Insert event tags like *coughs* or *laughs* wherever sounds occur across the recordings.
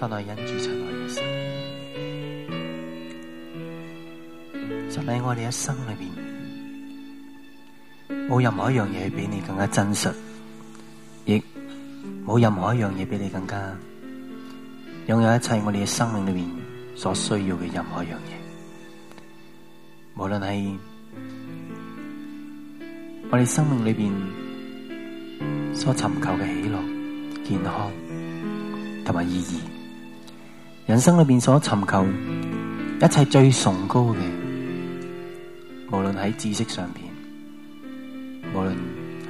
發來忍住親愛嘅神，實喺我哋一生裏邊，冇任何一樣嘢比你更加真實，亦冇任何一樣嘢比你更加擁有一切我哋嘅生命裏邊所需要嘅任何一樣嘢。無論係我哋生命裏邊所尋求嘅喜樂、健康同埋意義。人生裏面所尋求一切最崇高嘅，無論喺知識上邊，無論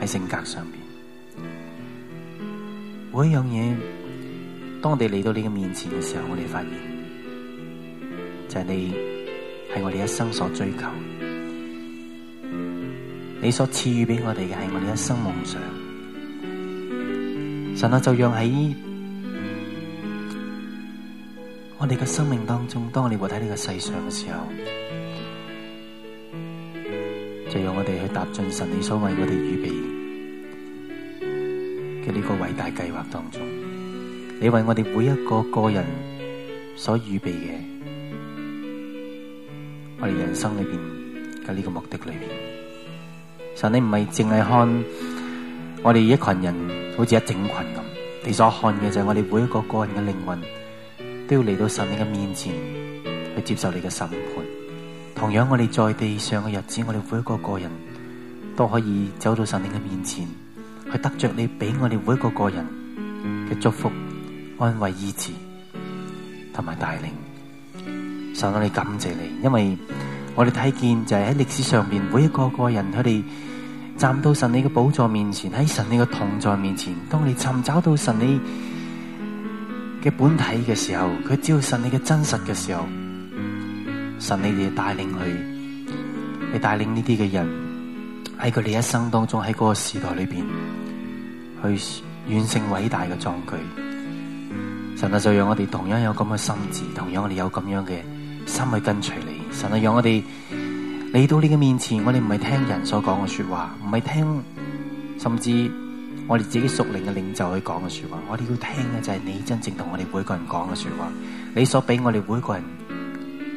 喺性格上邊，每一樣嘢，當我哋嚟到你嘅面前嘅時候，我哋發現就係、是、你係我哋一生所追求，你所賜予俾我哋嘅係我哋一生夢想。神啊，就讓喺。我哋嘅生命當中，當我哋活喺呢個世上嘅時候，就讓我哋去踏進神你所為我哋預備嘅呢個偉大計劃當中。你為我哋每一個個人所預備嘅，我哋人生裏邊嘅呢個目的裏邊。神，你唔係淨係看我哋一群人，好似一整群咁，你所看嘅就係我哋每一個個人嘅靈魂。都要嚟到神你嘅面前去接受你嘅審判。同樣，我哋在地上嘅日子，我哋每一個個人都可以走到神你嘅面前，去得着你俾我哋每一個個人嘅祝福、安慰、醫治同埋帶領。神啊，我哋感謝你，因為我哋睇見就係喺歷史上面，每一個個人，佢哋站到神你嘅寶座面前，喺神你嘅同在面前，當你尋找到神你嘅本體嘅時候，佢只要信你嘅真實嘅時候，神你哋帶領佢。你帶領呢啲嘅人喺佢哋一生當中，喺嗰個時代裏邊去完成偉大嘅壯舉。神啊，就讓我哋同樣有咁嘅心智，同樣我哋有咁樣嘅心去跟隨你。神啊，讓我哋嚟到你嘅面前，我哋唔係聽人所講嘅說話，唔係聽，甚至。我哋自己屬靈嘅領袖去講嘅說話，我哋要聽嘅就係你真正同我哋每個人講嘅說話，你所俾我哋每個人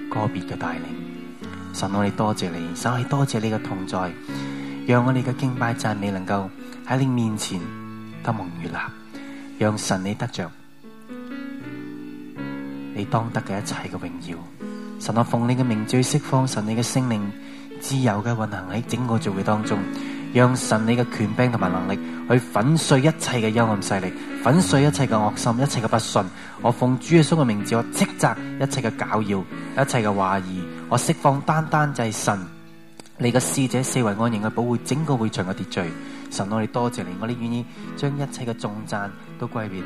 個別嘅帶領。神，我哋多謝你，神係多謝你嘅同在，讓我哋嘅敬拜讚美能夠喺你面前得蒙悅納，讓神你得着你當得嘅一切嘅榮耀。神，我奉你嘅名，最釋放神你嘅聖靈自由嘅運行喺整個聚會當中。讓神你嘅權柄同埋能力去粉碎一切嘅幽暗勢力，粉碎一切嘅惡心，一切嘅不信。我奉主耶穌嘅名字，我斥責一切嘅攪擾、一切嘅懷疑。我釋放單單就係神你嘅使者四維、四圍安營嘅保護，整個會場嘅秩序。神，我哋多謝你，我哋願意將一切嘅頌讚都歸俾你。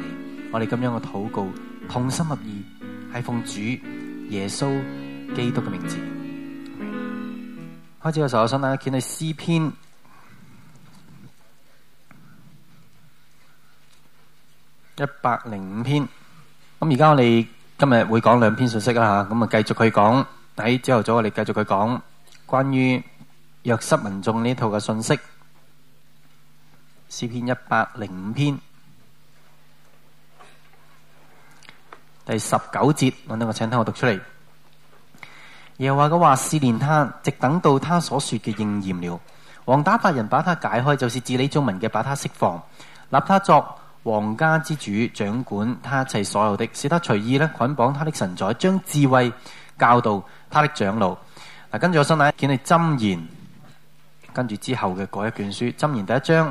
我哋咁樣嘅禱告，同心合意，係奉主耶穌基督嘅名字。開始嘅時候，我想大家見去詩篇，一百零五篇，咁而家我哋今日會講兩篇信息啦吓，咁啊繼續佢講喺朝頭早我哋繼續佢講關於約瑟民眾呢套嘅信息，詩篇一百零五篇第十九節，等等我請聽我讀出嚟。又話佢話試煉他，直等到他所說嘅應驗了，王打發人把他解開，就是治理眾民嘅把他釋放，立他作。皇家之主，掌管他一切所有的，使他隨意咧捆綁他的神在，將智慧教導他的長老。嗱、啊，跟住我送你見你箴言，跟住之後嘅嗰一卷書，箴言第一章。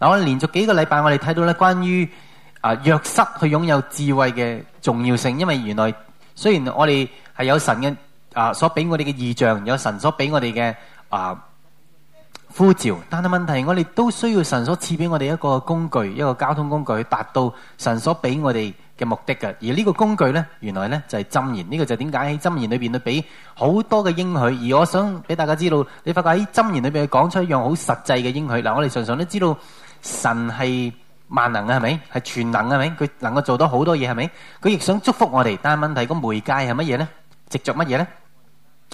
嗱、啊，我連續幾個禮拜我哋睇到咧關於啊約瑟去擁有智慧嘅重要性，因為原來雖然我哋係有神嘅啊所俾我哋嘅意象，有神所俾我哋嘅啊。呼召，但係問題，我哋都需要神所賜俾我哋一個工具，一個交通工具達到神所俾我哋嘅目的嘅。而呢個工具呢，原來呢就係箴言。呢個就點解喺箴言裏邊都俾好多嘅應許。而我想俾大家知道，你發覺喺箴言裏邊佢講出一樣好實際嘅應許。嗱，我哋常常都知道神係萬能嘅，係咪？係全能嘅，係咪？佢能夠做到好多嘢，係咪？佢亦想祝福我哋，但係問題，個媒介係乜嘢呢？藉著乜嘢呢？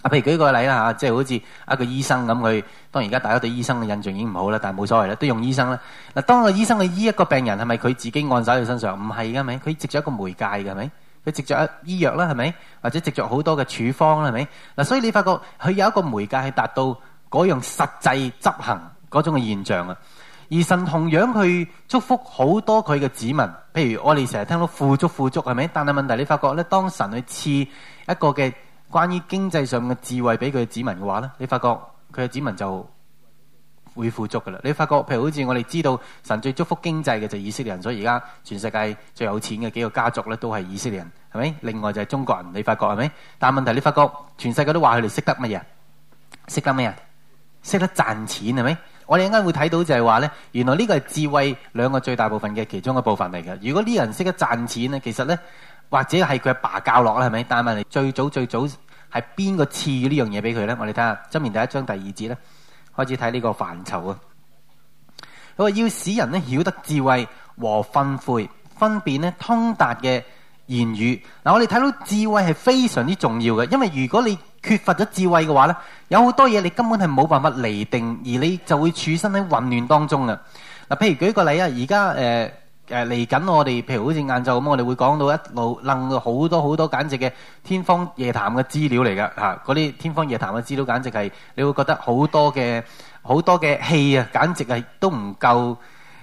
啊，譬如舉個例啦嚇，即係好似一個醫生咁，佢當然而家大家對醫生嘅印象已經唔好啦，但係冇所謂啦，都用醫生啦。嗱，當個醫生去醫一個病人，係咪佢自己按手喺佢身上？唔係噶咪？佢藉著一個媒介嘅，噶咪，佢藉著醫藥啦係咪？或者藉著好多嘅處方啦係咪？嗱，所以你發覺佢有一個媒介係達到嗰樣實際執行嗰種嘅現象啊。而神同樣去祝福好多佢嘅子民，譬如我哋成日聽到富足富足係咪？但係問題你發覺咧，當神去賜一個嘅。關於經濟上嘅智慧俾佢嘅子民嘅話咧，你發覺佢嘅子民就會富足噶啦。你發覺譬如好似我哋知道神最祝福經濟嘅就以色列人，所以而家全世界最有錢嘅幾個家族咧都係以色列人，係咪？另外就係中國人，你發覺係咪？但係問題你發覺全世界都話佢哋識得乜嘢？識得乜嘢？識得賺錢係咪？我哋應該會睇到就係話咧，原來呢個係智慧兩個最大部分嘅其中一部分嚟嘅。如果呢人識得賺錢咧，其實咧。或者係佢阿爸教落啦，係咪？但係你最早最早係邊個賜呢樣嘢俾佢呢？我哋睇下《箴言》第一章第二節咧，開始睇呢個範疇啊！佢話要使人咧曉得智慧和訓誨，分辨咧通達嘅言語。嗱、嗯，我哋睇到智慧係非常之重要嘅，因為如果你缺乏咗智慧嘅話呢，有好多嘢你根本係冇辦法釐定，而你就會處身喺混亂當中啊！嗱、嗯，譬如舉個例啊，而家誒。呃誒嚟緊，我哋譬如好似晏晝咁，我哋會講到一路楞到好多好多，簡直嘅天方夜譚嘅資料嚟㗎。嗰啲天方夜譚嘅資料，簡直係你會覺得好多嘅好多嘅戲啊，簡直係都唔夠，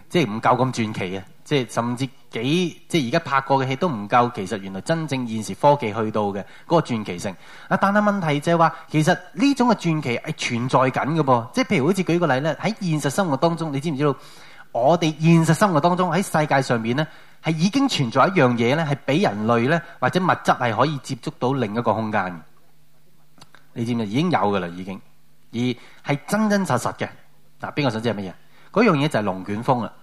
即係唔夠咁傳奇啊！即係甚至幾即係而家拍過嘅戲都唔夠，其實原來真正現時科技去到嘅嗰個傳奇性。啊，但係問題就係話，其實呢種嘅傳奇係存在緊嘅噃。即係譬如好似舉個例咧，喺現實生活當中，你知唔知道？我哋現實生活當中喺世界上面，係已經存在一樣嘢咧，係俾人類，或者物質係可以接觸到另一個空間嘅。你知唔知？已經有㗎喇，已經而係真真實實嘅。嗱，邊個想知係乜嘢？嗰樣嘢就係龍捲風啦。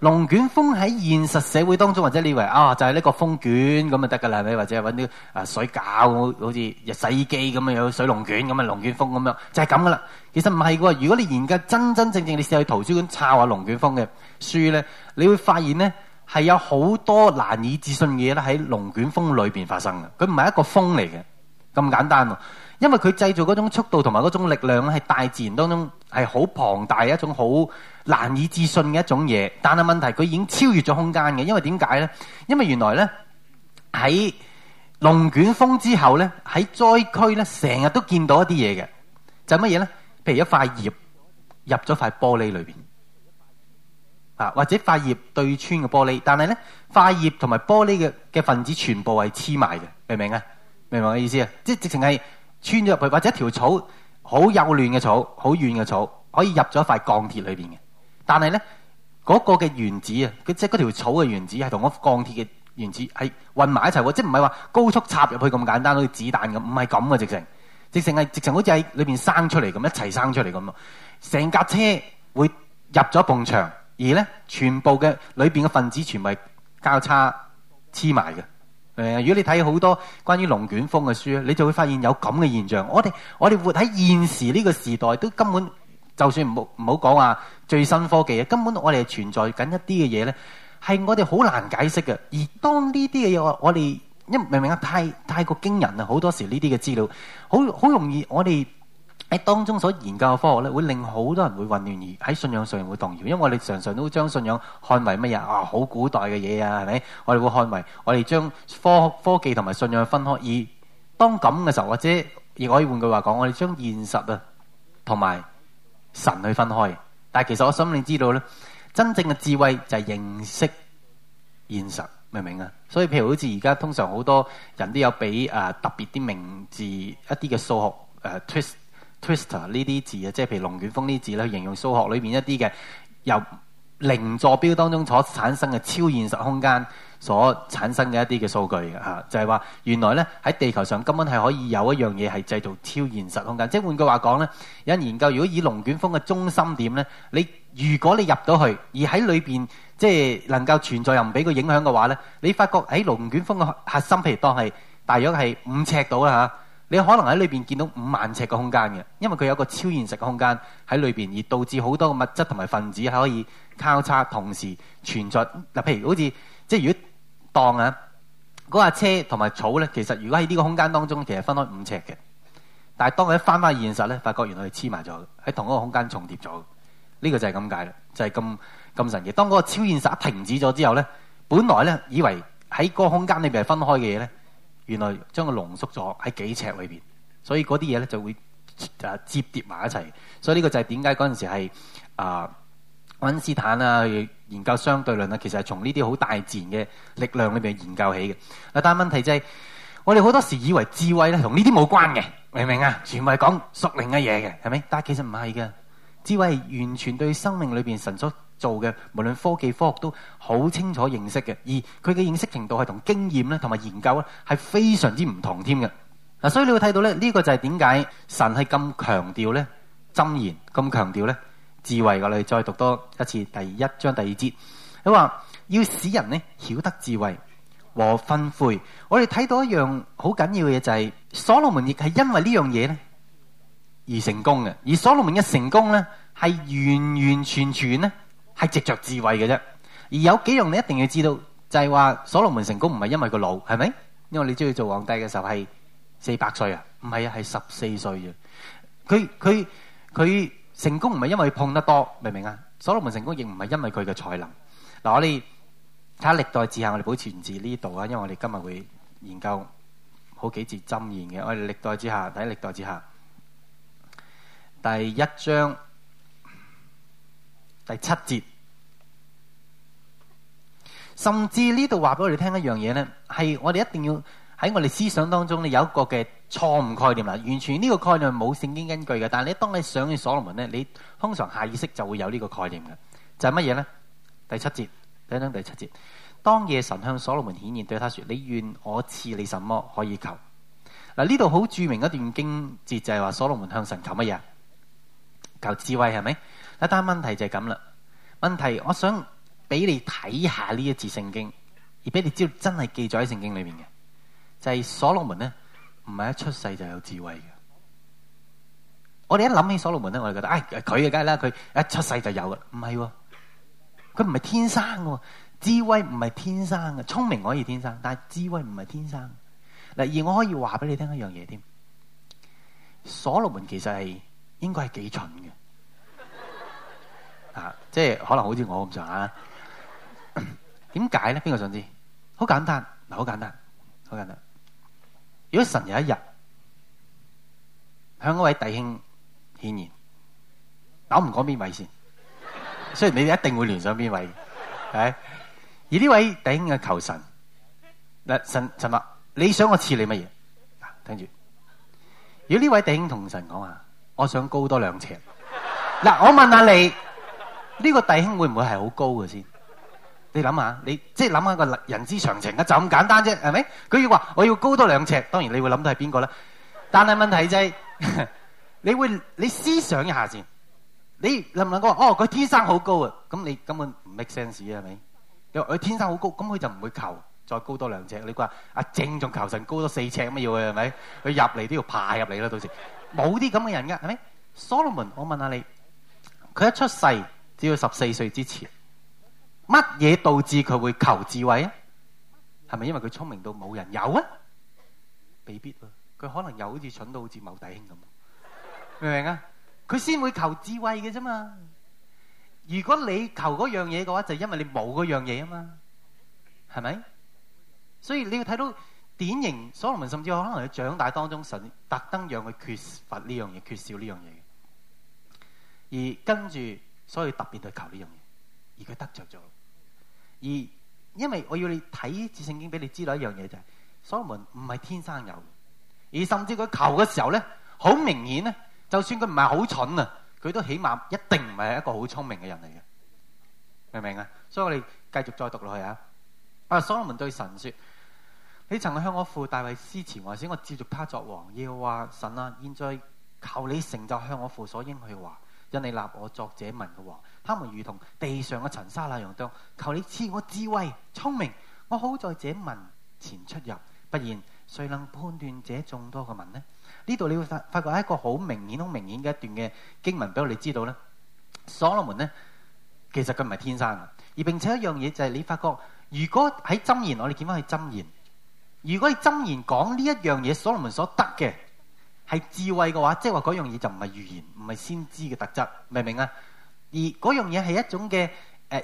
龍捲風喺現實社會當中，或者你以為啊、哦，就係、是、呢個風捲咁啊得噶啦，係咪？或者揾啲啊水搞，好似隻洗衣機咁啊，有水龍捲咁啊，龍捲風咁樣，就係咁噶啦。其實唔係喎，如果你研究真真正正的，你試去圖書館抄下龍捲風嘅書咧，你會發現咧係有好多難以置信嘅嘢咧喺龍捲風裏面發生嘅。佢唔係一個風嚟嘅，咁簡單喎。因為佢製造嗰種速度同埋嗰種力量咧，係大自然當中係好龐大一種好難以置信嘅一種嘢。但係問題佢已經超越咗空間嘅，因為點解呢？因為原來呢，喺龍捲風之後呢，喺災區呢，成日都見到一啲嘢嘅，就係乜嘢呢？譬如一塊葉入咗塊玻璃裏邊啊，或者塊葉對穿嘅玻璃，但係呢，塊葉同埋玻璃嘅嘅分子全部係黐埋嘅，明唔明啊？明唔明我意思啊？即係直情係。穿咗入去，或者條草，好幼嫩嘅草，好軟嘅草，可以入咗塊鋼鐵裏邊嘅。但係咧，嗰個嘅原子啊，即係嗰條草嘅原子，係同嗰鋼鐵嘅原子係混埋一齊喎。即係唔係話高速插入去咁簡單，好似子彈咁，唔係咁嘅直情，直情係直情好似喺裏邊生出嚟咁，一齊生出嚟咁咯。成架車會入咗埲牆，而咧全部嘅裏邊嘅分子全部係交叉黐埋嘅。誒，如果你睇好多關於龍捲風嘅書，你就會發現有咁嘅現象。我哋我哋活喺現時呢個時代，都根本就算唔好唔好講話最新科技啊，根本我哋係存在緊一啲嘅嘢咧，係我哋好難解釋嘅。而當呢啲嘅嘢我哋一明唔明啊？太太過驚人啊！好多時呢啲嘅資料，好好容易我哋。喺當中所研究嘅科學咧，會令好多人會混亂而喺信仰上會動搖。因為我哋常常都將信仰看為乜嘢啊？好古代嘅嘢啊，係咪？我哋會看為我哋將科科技同埋信仰分開。而當咁嘅時候，或者亦可以換句話講，我哋將現實啊同埋神去分開。但係其實我心裏知道咧，真正嘅智慧就係認識現實，明唔明啊？所以譬如好似而家通常好多人都有俾、呃、特別啲名字一啲嘅數學誒、呃、twist。Twister 呢啲字啊，即係譬如龍捲風呢啲字咧，形容數學裏面一啲嘅由零座標當中所產生嘅超現實空間所產生嘅一啲嘅數據嘅嚇，就係話原來呢喺地球上根本係可以有一樣嘢係製造超現實空間。即係換句話講呢，有人研究如果以龍捲風嘅中心點呢，你如果你入到去而喺裏面即係能夠存在又唔俾佢影響嘅話呢，你發覺喺龍捲風嘅核心，譬如當係大約係五尺到啦你可能喺裏邊見到五萬尺嘅空間嘅，因為佢有一個超現實嘅空間喺裏邊，而導致好多嘅物質同埋分子係可以交叉，同時存在。嗱，譬如好似即係如果當啊嗰架車同埋草咧，其實如果喺呢個空間當中，其實分開五尺嘅。但係當佢一翻翻現實咧，發覺原來佢黐埋咗，喺同一個空間重疊咗。呢個就係咁解啦，就係咁咁神奇。當嗰個超現實一停止咗之後咧，本來咧以為喺嗰個空間裏邊係分開嘅嘢咧。原來將佢濃縮咗喺幾尺裏邊，所以嗰啲嘢咧就會誒折疊埋一齊，所以呢個就係點解嗰陣時係啊愛因斯坦啊去研究相對論啊，其實係從呢啲好大自然嘅力量裏邊研究起嘅。但係問題就係、是、我哋好多時以為智慧咧同呢啲冇關嘅，明唔明啊？全部係講屬靈嘅嘢嘅，係咪？但係其實唔係嘅，智慧係完全對生命裏邊神所做嘅無論科技科學都好清楚認識嘅，而佢嘅認識程度係同經驗咧，同埋研究咧係非常之唔同添嘅。嗱，所以你會睇到咧呢、這個就係點解神係咁強調咧箴言，咁強調咧智慧，我哋再讀多一次第一章第二節，佢話要使人呢曉得智慧和訓誨。我哋睇到一樣好緊要嘅嘢就係、是、所羅門亦係因為這呢樣嘢咧而成功嘅，而所羅門嘅成功咧係完完全全咧。係藉著智慧嘅啫，而有幾樣一定要知道，就係話所羅門成功唔係因為個腦，係咪？因為你知佢做皇帝嘅時候係第七節，甚至呢度話俾我哋聽一樣嘢呢，係我哋一定要喺我哋思想當中咧有一個嘅錯誤概念啦。完全呢個概念冇聖經根據嘅。但係你當你上去所羅門呢，你通常下意識就會有呢個概念嘅，就係乜嘢呢？第七節，等等第七節。當夜神向所羅門顯現對他說：你願我賜你什麼可以求？嗱，呢度好著名一段經節就係話所羅門向神求乜嘢？求智慧係咪？是一單問題就係咁啦，問題我想俾你睇下呢一次聖經，而俾你知道真係記載喺聖經裏面嘅，就係所羅門咧，唔係一出世就有智慧嘅。我哋一諗起所羅門咧，我哋覺得，唉、哎，佢梗係啦，佢一出世就有嘅，唔係，佢唔係天生嘅，智慧唔係天生嘅，聰明可以天生，但係智慧唔係天生。嗱而我可以話俾你聽一樣嘢添，所羅門其實係應該係幾蠢嘅。啊，即係可能好似我咁上下，點解咧？邊個想知？好簡單，嗱，好簡單，好簡單。如果神有一日向嗰位弟兄顯現，我唔講邊位先，雖然你哋一定會聯想邊位，係。而呢位弟兄嘅求神，嗱，神神話你想我賜你乜嘢？啊，聽住。如果呢位弟兄同神講啊，我想高多兩尺。嗱，我問下你。呢個弟兄會唔會係好高嘅先？你諗下，你即係諗下個人之常情啊，就咁簡單啫，係咪？佢要話我要高多兩尺，當然你會諗到係邊個啦。但係問題就係，你會你思想一下先。你能唔能夠話哦，佢天生好高啊，咁你根本唔 make sense 啊，係咪？因為佢天生好高，咁佢就唔會求再高多兩尺。你話阿正仲求神高多四尺乜要嘅係咪？佢入嚟都要爬入嚟啦，到時冇啲咁嘅人㗎，係咪？Solomon，我問下你，佢一出世。只要十四歲之前，乜嘢導致佢會求智慧啊？係咪因為佢聰明到冇人有啊？未必啊，佢可能又好似蠢到好似某弟兄咁，明唔明啊？佢先會求智慧嘅啫嘛。如果你求嗰樣嘢嘅話，就因為你冇嗰樣嘢啊嘛，係咪？所以你要睇到典型所羅門，甚至可能喺長大當中，神特登讓佢缺乏呢樣嘢，缺少呢樣嘢。而跟住。.所以特別去求呢樣嘢，而佢得着咗。而因為我要你睇《致聖經》俾你知道的一樣嘢就係、是，所羅門唔係天生有的，而甚至佢求嘅時候咧，好明顯咧，就算佢唔係好蠢啊，佢都起碼一定唔係一個好聰明嘅人嚟嘅，明唔明啊？所以我哋繼續再讀落去啊！啊，所羅門對神說：你曾向我父大衛施慈愛，使我接續他作王。要話神啊，現在求你成就向我父所應許話。因你立我作者民嘅王，他們如同地上嘅塵沙那樣多，求你賜我智慧、聰明，我好在者民前出入，不然誰能判斷這眾多嘅民呢？呢度你會發發覺係一個好明顯、好明顯嘅一段嘅經文俾我哋知道呢，所羅門呢，其實佢唔係天生嘅，而並且一樣嘢就係你發覺，如果喺箴言我哋見翻去箴言，如果你箴言講呢一樣嘢，所羅門所得嘅。係智慧嘅話，即係話嗰樣嘢就唔係預言，唔係先知嘅特質，明唔明啊？而嗰樣嘢係一種嘅誒、呃、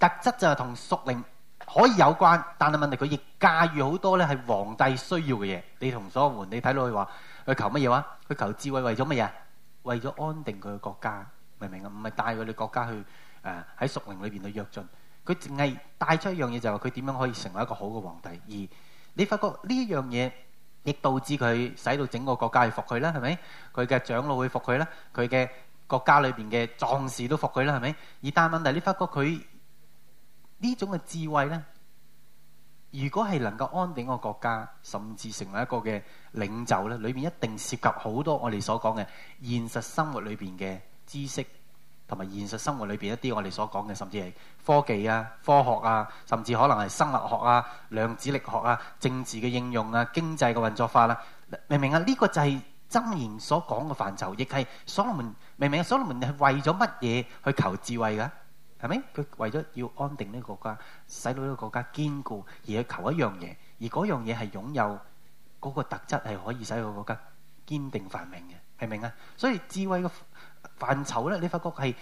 特質就係同屬靈可以有關，但係問題佢亦駕馭好多咧係皇帝需要嘅嘢。你同所羅門，你睇落去話佢求乜嘢話？佢求智慧為咗乜嘢？為咗安定佢嘅國家，明唔明啊？唔係帶佢哋國家去誒喺、呃、屬靈裏邊去躍進，佢淨係帶出一樣嘢就係佢點樣可以成為一個好嘅皇帝。而你發覺呢樣嘢。亦導致佢使到整個國家去服佢啦，係咪？佢嘅長老會服佢啦，佢嘅國家裏面嘅壯士都服佢啦，係咪？而但問題，你發覺佢呢種嘅智慧咧，如果係能夠安定個國家，甚至成為一個嘅領袖咧，裏面一定涉及好多我哋所講嘅現實生活裏面嘅知識。同埋現實生活裏邊一啲我哋所講嘅，甚至係科技啊、科學啊，甚至可能係生物學啊、量子力學啊、政治嘅應用啊、經濟嘅運作法啦、啊，明唔明啊？呢、這個就係箴言所講嘅範疇，亦係所羅門明唔明啊？所羅門係為咗乜嘢去求智慧噶？係咪？佢為咗要安定呢個國家，使到呢個國家堅固，而去求一樣嘢，而嗰樣嘢係擁有嗰個特質，係可以使到國家堅定繁榮嘅，係咪啊？所以智慧嘅。範疇咧，你發覺係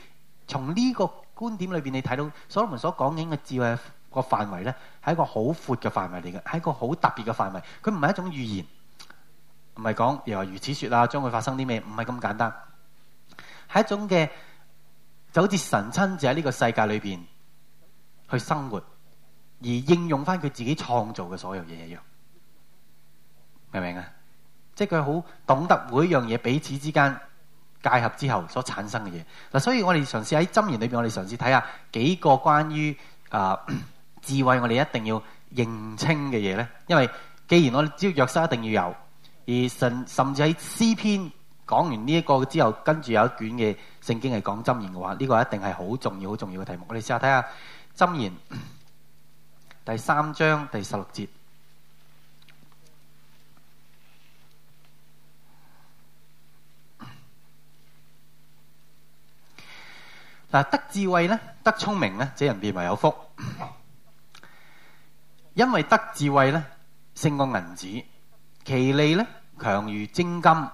從呢個觀點裏邊，你睇到所羅門所講緊嘅呢個智慧個範圍咧，係一個好闊嘅範圍嚟嘅，係一個好特別嘅範圍。佢唔係一種預言，唔係講又話如此說啊，將會發生啲咩？唔係咁簡單，係一種嘅，就好似神親就喺呢個世界裏邊去生活，而應用翻佢自己創造嘅所有嘢一樣，明唔明啊？即係佢好懂得每一樣嘢彼此之間。戒合之後所產生嘅嘢嗱，所以我哋嘗試喺箴言裏邊，我哋嘗試睇下幾個關於啊、呃、智慧，我哋一定要認清嘅嘢呢。因為既然我哋知約瑟一定要有，而甚甚至喺詩篇講完呢一個之後，跟住有一卷嘅聖經係講箴言嘅話，呢、這個一定係好重要、好重要嘅題目。我哋試下睇下箴言第三章第十六節。得智慧呢，得聰明呢，這人變為有福，因為得智慧呢，勝過銀子，其利呢強如精金，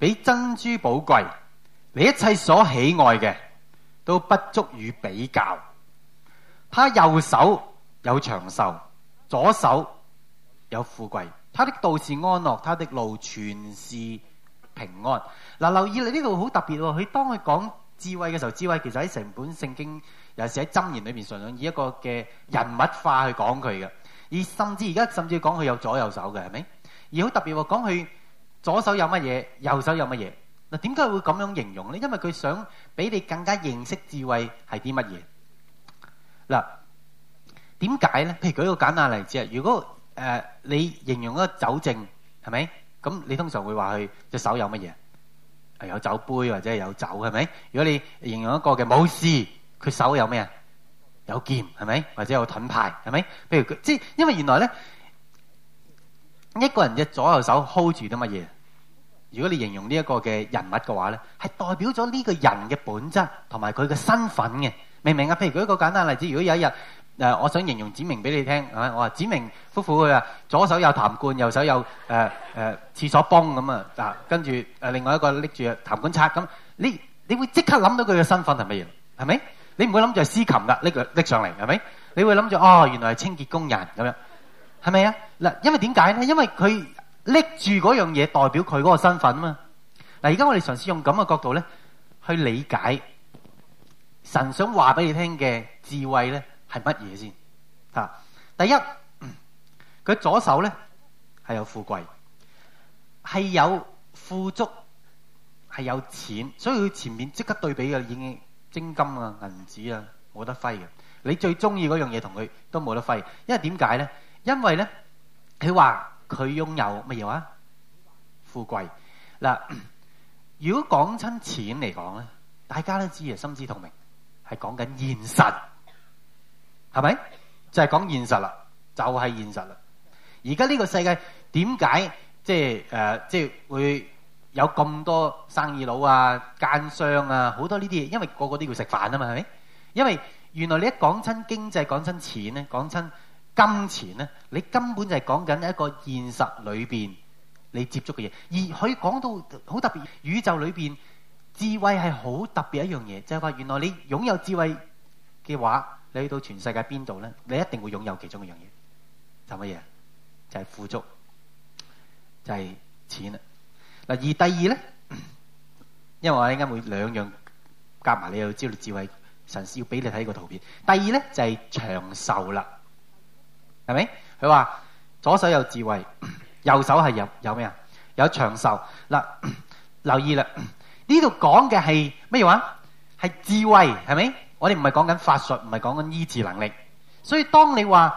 比珍珠寶貴，你一切所喜愛嘅都不足以比較。他右手有長壽，左手有富貴，他的道士安樂，他的路全是平安。嗱，留意你呢度好特別，佢當佢講。智慧嘅時候，智慧其實喺整本聖經，尤其是喺箴言裏面，常常以一個嘅人物化去講佢嘅，而甚至而家甚至講佢有左右手嘅，係咪？而好特別話講佢左手有乜嘢，右手有乜嘢？嗱，點解會咁樣形容咧？因為佢想俾你更加認識智慧係啲乜嘢。嗱，點解咧？譬如舉一個簡單例子啊，如果誒你形容一個酒政係咪？咁你通常會話佢隻手有乜嘢？有酒杯或者係有酒，係咪？如果你形容一個嘅武士，佢手有咩啊？有劍係咪？或者有盾牌係咪？譬如佢即係，因為原來咧，一個人嘅左右手 hold 住啲乜嘢？如果你形容呢一個嘅人物嘅話咧，係代表咗呢個人嘅本質同埋佢嘅身份嘅，明唔明啊？譬如舉一個簡單例子，如果有一日。誒，我想形容子明俾你聽啊！我話子明夫婦佢呀左手有痰罐，右手有誒誒廁所泵咁啊！嗱，跟住誒另外一個拎住痰罐刷咁，你你會即刻諗到佢嘅身份係乜嘢？係咪？你唔會諗住係司琴噶，拎佢拎上嚟係咪？你會諗住哦，原來係清潔工人咁樣，係咪啊？嗱，因為點解咧？因為佢拎住嗰樣嘢代表佢嗰個身份啊嘛！嗱，而家我哋嘗試用咁嘅角度咧，去理解神想話俾你聽嘅智慧咧。係乜嘢先？嚇！第一，佢左手咧係有富貴，係有富足，係有錢。所以佢前面即刻對比嘅已經精金啊、銀紙啊，冇得揮嘅。你最中意嗰樣嘢同佢都冇得揮，因為點解咧？因為咧，佢話佢擁有乜嘢啊？富貴。嗱，如果講親錢嚟講咧，大家都知啊，心知肚明係講緊現實。係咪？就係講現實啦，就係現實啦。而家呢個世界點解即係誒，即係會有咁多生意佬啊、奸商啊，好多呢啲嘢，因為個個都要食飯啊嘛，係咪？因為原來你一講親經濟、講親錢咧、講親金錢咧，你根本就係講緊一個現實裏邊你接觸嘅嘢。而佢講到好特別，宇宙裏邊智慧係好特別一樣嘢，就係話原來你擁有智慧嘅話。你去到全世界邊度咧，你一定會擁有其中一樣嘢，就乜嘢？就係富足，就係、是、錢啦。嗱，而第二咧，因為我應該會，會兩樣夾埋，你又知道智慧神，要俾你睇個圖片。第二咧就係、是、長壽啦，係咪？佢話左手有智慧，右手係有有咩啊？有長壽。嗱，留意啦，呢度講嘅係乜嘢話？係智慧，係咪？我哋唔係講緊法術，唔係講緊醫治能力。所以當你話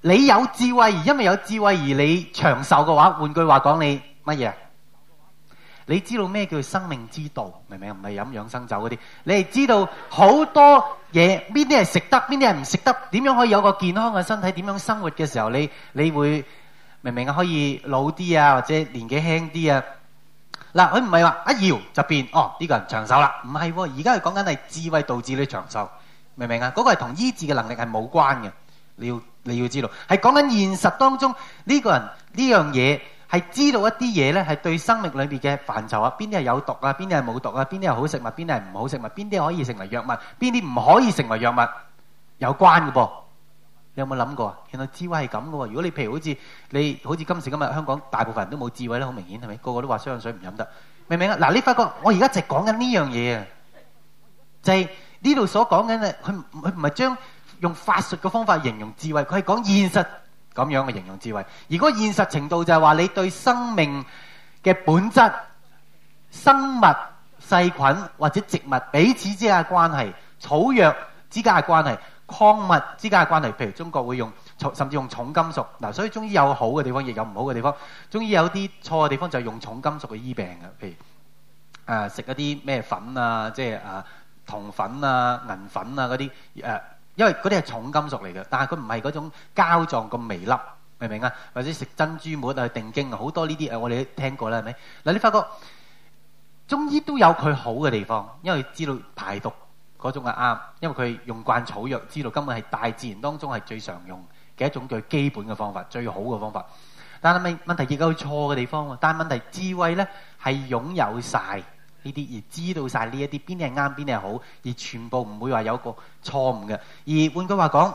你有智慧，而因為有智慧而你長壽嘅話，換句話講，你乜嘢？你知道咩叫生命之道？明唔明？唔係飲養生酒嗰啲，你係知道好多嘢，邊啲係食得，邊啲係唔食得，點樣可以有個健康嘅身體，點樣生活嘅時候，你你會明唔明？可以老啲啊，或者年紀輕啲啊？嗱，佢唔係話一搖就變哦，呢個人長壽啦，唔係，而家係講緊係智慧導致你長壽，明唔明啊？嗰個係同醫治嘅能力係冇關嘅，你要你要知道，係講緊現實當中呢個人呢樣嘢係知道一啲嘢咧，係對生命裏邊嘅範疇啊，邊啲係有毒啊，邊啲係冇毒啊，邊啲係好食物，邊啲係唔好食物，邊啲可以成為藥物，邊啲唔可以成為藥物有關嘅噃。有冇諗過啊？原來智慧係咁嘅喎！如果你譬如好似你好似今時今日香港大部分人都冇智慧咧，好明顯係咪？個個都話雙氧水唔飲得，明唔明啊？嗱，你發覺我而家直講緊呢樣嘢啊，就係呢度所講緊咧，佢佢唔係將用法術嘅方法形容智慧，佢係講現實咁樣嘅形容智慧。如果現實程度就係話你對生命嘅本質、生物、細菌或者植物彼此之間嘅關係、草藥之間嘅關係。礦物之間嘅關係，譬如中國會用，甚至用重金屬。嗱，所以中醫有好嘅地方，亦有唔好嘅地方。中醫有啲錯嘅地方就係用重金屬去醫病嘅，譬如誒食一啲咩粉啊，即係啊銅粉啊、銀粉啊嗰啲誒，因為嗰啲係重金屬嚟嘅，但係佢唔係嗰種膠狀咁微粒，明唔明啊？或者食珍珠末啊、定經好多呢啲誒，我哋都聽過啦，係咪？嗱，你發覺中醫都有佢好嘅地方，因為知道排毒。嗰種係啱，因為佢用慣草藥，知道根本係大自然當中係最常用嘅一種最基本嘅方法，最好嘅方法。但係問題亦有錯嘅地方喎。但係問題智慧咧係擁有晒呢啲，而知道晒呢一啲邊啲係啱，邊啲係好，而全部唔會話有個錯誤嘅。而換句話講，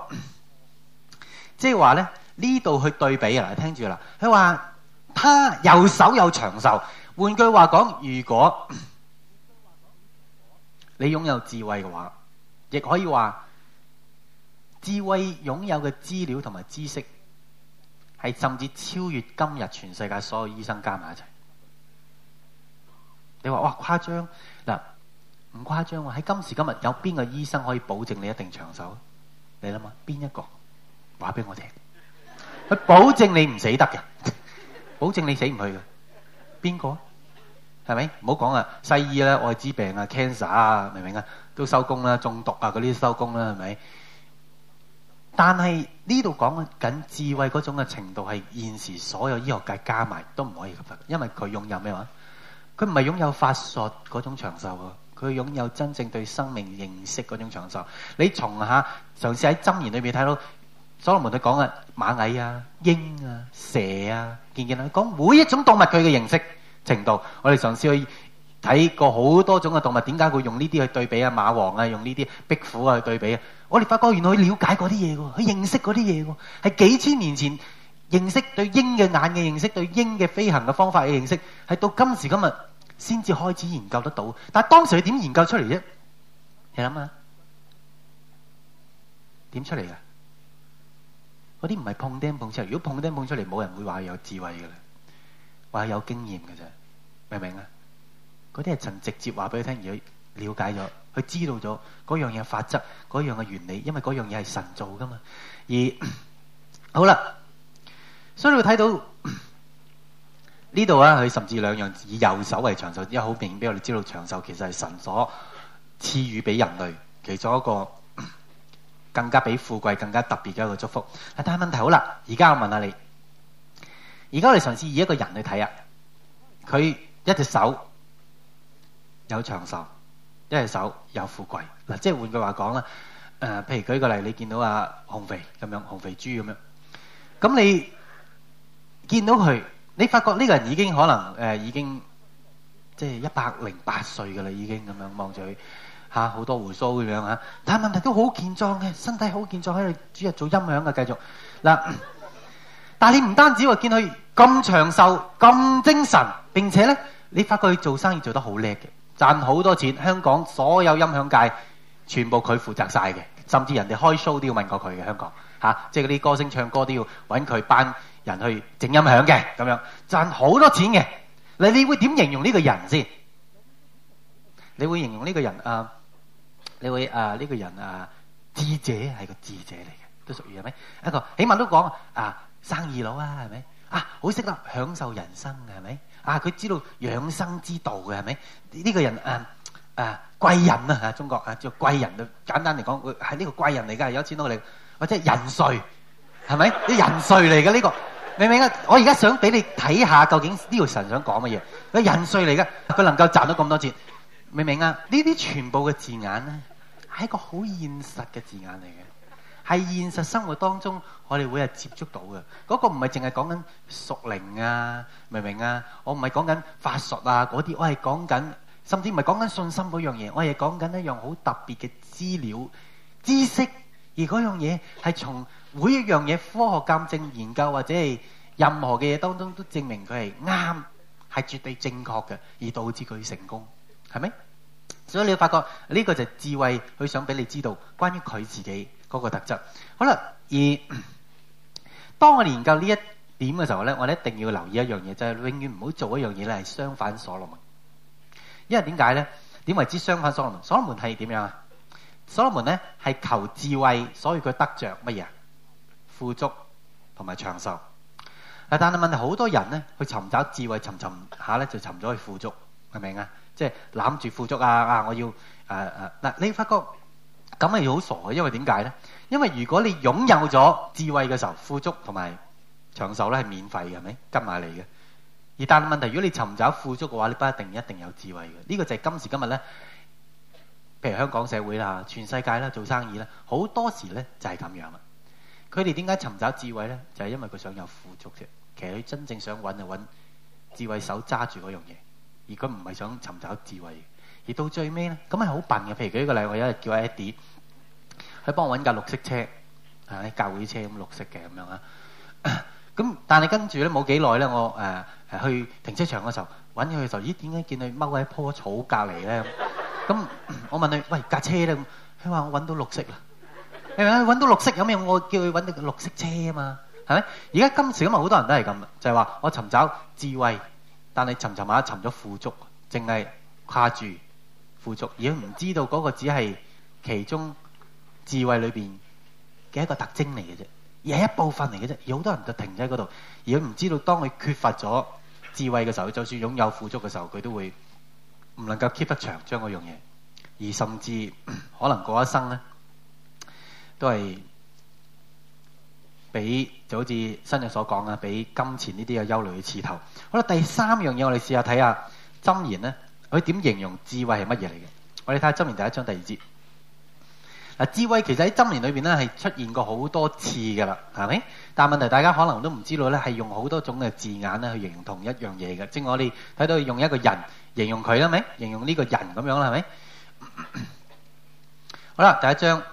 即係話咧呢度去對比啊，聽住啦。佢話佢右手有長壽。換句話講，如果你擁有智慧嘅話，亦可以話智慧擁有嘅資料同埋知識，係甚至超越今日全世界所有醫生加埋一齊。你話哇誇張？嗱，唔誇張喎，喺今時今日有邊個醫生可以保證你一定長壽？你諗下，邊一個話俾我聽？佢保證你唔死得嘅，保證你死唔去嘅，邊個？係咪？唔好講啊！西醫咧，愛滋病啊，cancer 啊，明唔明啊？都收工啦！中毒啊，嗰啲收工啦，係咪？但係呢度講緊智慧嗰種嘅程度，係現時所有醫學界加埋都唔可以咁得，因為佢擁有咩話？佢唔係擁有法術嗰種長壽喎，佢擁有真正對生命認識嗰種長壽。你從下嘗試喺《箴言》裏面睇到，所羅門都講啊，螞蟻啊、鷹啊、蛇啊，見唔見啊？講每一種動物佢嘅認識。程度，我哋上次去睇過好多種嘅動物，點解會用呢啲去對比啊？馬王啊，用呢啲壁虎啊去對比啊，我哋發覺原來去了解嗰啲嘢喎，去認識嗰啲嘢喎，係幾千年前認識對鷹嘅眼嘅認識，對鷹嘅飛行嘅方法嘅認識，係到今時今日先至開始研究得到。但係當時佢點研究出嚟啫？你諗下，點出嚟㗎？嗰啲唔係碰釘碰，碰出嚟，如果碰釘碰出嚟，冇人會話有智慧㗎啦。話有經驗嘅啫，明唔明啊？嗰啲係曾直接話俾佢聽，而佢了解咗，佢知道咗嗰樣嘢嘅法則，嗰樣嘅原理，因為嗰樣嘢係神做噶嘛。而好啦，所以你會睇到呢度啊，佢甚至兩樣以右手為長壽，因為好明顯俾我哋知道長壽其實係神所賜予俾人類，其中一個更加比富貴更加特別嘅一個祝福。但係問題好啦，而家我問下你。而家我哋嘗試以一個人去睇啊，佢一隻手有長壽，一隻手有富貴。嗱，即係換句話講啦，誒、呃，譬如舉個例，你見到啊紅肥咁樣，紅肥豬咁樣，咁你見到佢，你發覺呢個人已經可能誒已經即係一百零八歲㗎喇，已經咁樣望住佢吓好多鬍鬚咁樣吓，但問題都好健壯嘅，身體好健壯喺度，主日做音響嘅繼續嗱。但係你唔單止話見佢咁長壽、咁精神，並且咧，你發覺佢做生意做得好叻嘅，賺好多錢。香港所有音響界全部佢負責晒嘅，甚至人哋開 show 都要問過佢嘅。香港，啊、即係嗰啲歌星唱歌都要搵佢班人去整音響嘅，咁樣賺好多錢嘅。你你會點形容呢個人先？你會形容呢個人啊？你會啊？呢個人啊？智者係個智者嚟嘅，都屬於係咩？一個？起碼都講啊。生意佬啊，係咪啊？好識得享受人生嘅，係咪啊？佢知道養生之道嘅，係咪呢個人誒、誒貴人啊？嚇，中國嚇叫貴人，簡單嚟講，佢係呢個貴人嚟噶，有錢佬嚟，或者人稅係咪？啲人稅嚟嘅呢個，明唔明啊？我而家想俾你睇下，究竟呢個神想講乜嘢？佢人稅嚟嘅，佢能夠賺到咁多錢，明唔明啊？呢啲全部嘅字眼咧，係一個好現實嘅字眼嚟嘅。係現實生活當中，我哋會係接觸到嘅嗰個，唔係淨係講緊屬靈啊，明唔明啊？我唔係講緊法術啊，嗰啲，我係講緊，甚至唔係講緊信心嗰樣嘢，我係講緊一樣好特別嘅資料、知識。而嗰樣嘢係從每一樣嘢科學鑑證研究或者係任何嘅嘢當中都證明佢係啱，係絕對正確嘅，而導致佢成功，係咪？所以你會發覺，呢個就係智慧，佢想俾你知道關於佢自己。嗰、那個特質，好、well, 啦。而當我研究呢一點嘅時候咧，我哋一定要留意一樣嘢，就係、是、永遠唔好做一樣嘢咧，係相反所羅門。因為點解咧？點為之相反所羅門？所羅門係點樣啊？所羅門咧，係求智慧，所以佢得着乜嘢啊？富足同埋長壽。啊！但係問題好多人咧，去尋找智慧，尋尋下咧，就尋咗去富足，係咪啊？即係攬住富足啊啊！我要誒誒，嗱，你發覺。咁係好傻。因為點解呢？因為如果你擁有咗智慧嘅時候，富足同埋長壽咧係免費嘅，係咪？跟埋嚟嘅。而但係問題，如果你尋找富足嘅話，你不一定一定有智慧嘅。呢、這個就係今時今日呢，譬如香港社會啦，全世界啦，做生意啦，好多時呢就係咁樣啦。佢哋點解尋找智慧呢？就係、是、因為佢想有富足啫。其實佢真正想揾就揾智慧手揸住嗰樣嘢，而佢唔係想尋找智慧。而到最尾呢，咁係好笨嘅。譬如舉一個例，我有一日叫 Eddie, 幫我 Eddie 幫我揾架綠色車，係啊，教會車咁綠色嘅咁樣啊。咁但係跟住呢，冇幾耐呢，我、啊、去停車場嘅時候揾佢嘅時候，咦？點解見佢踎喺棵草隔離呢？咁、啊、我問佢：喂，架車呢？」佢話：我揾到綠色啦。你話揾到綠色有咩？我叫佢揾啲綠色車啊嘛，係咪？而家今時今日好多人都係咁，就係、是、話我尋找智慧，但係尋尋下尋咗富足，淨係掛住。富足，而佢唔知道嗰個只係其中智慧裏邊嘅一個特徵嚟嘅啫，而係一部分嚟嘅啫。有好多人就停咗喺嗰度，而佢唔知道，當佢缺乏咗智慧嘅時候，就算擁有富足嘅時候，佢都會唔能夠 keep 得長，將嗰樣嘢，而甚至可能過一生咧，都係俾就好似新約所講啊，俾金錢呢啲嘅憂慮去刺透。好啦，第三樣嘢，我哋試，試一下睇下箴言咧。佢點形容智慧係乜嘢嚟嘅？我哋睇下《箴言》第一章第二節。嗱，智慧其實喺《箴言》裏邊咧係出現過好多次噶啦，係咪？但問題大家可能都唔知道咧，係用好多種嘅字眼咧去形容同一樣嘢嘅。即我哋睇到用一個人形容佢啦，咪？形容呢個人咁樣啦，係咪？好啦，第一章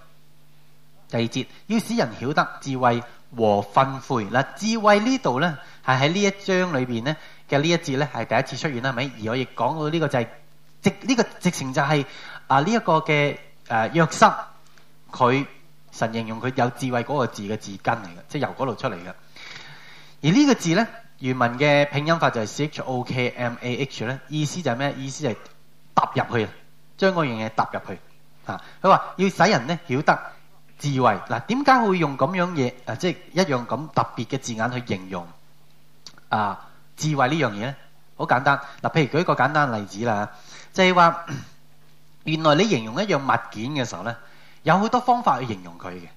第二節，要使人曉得智慧和訓誨。嗱，智慧呢度咧係喺呢一章裏邊咧。嘅呢一字咧，係第一次出現啦，係咪？而我亦講到呢個就係、是、直呢、這個直情就係、是、啊呢一、這個嘅誒約塞，佢、呃、神形容佢有智慧嗰個字嘅字根嚟嘅，即係由嗰度出嚟嘅。而呢個字咧，原文嘅拼音法就係 c h o k m a h 咧，意思就係咩？意思係踏入去，將嗰樣嘢踏入去啊！佢話要使人咧曉得智慧嗱，點、啊、解會用咁樣嘢啊？即係一樣咁特別嘅字眼去形容啊！智慧呢樣嘢咧，好簡單。嗱，譬如舉一個簡單例子啦，就係話，原來你形容一樣物件嘅時候咧，有好多方法去形容佢嘅。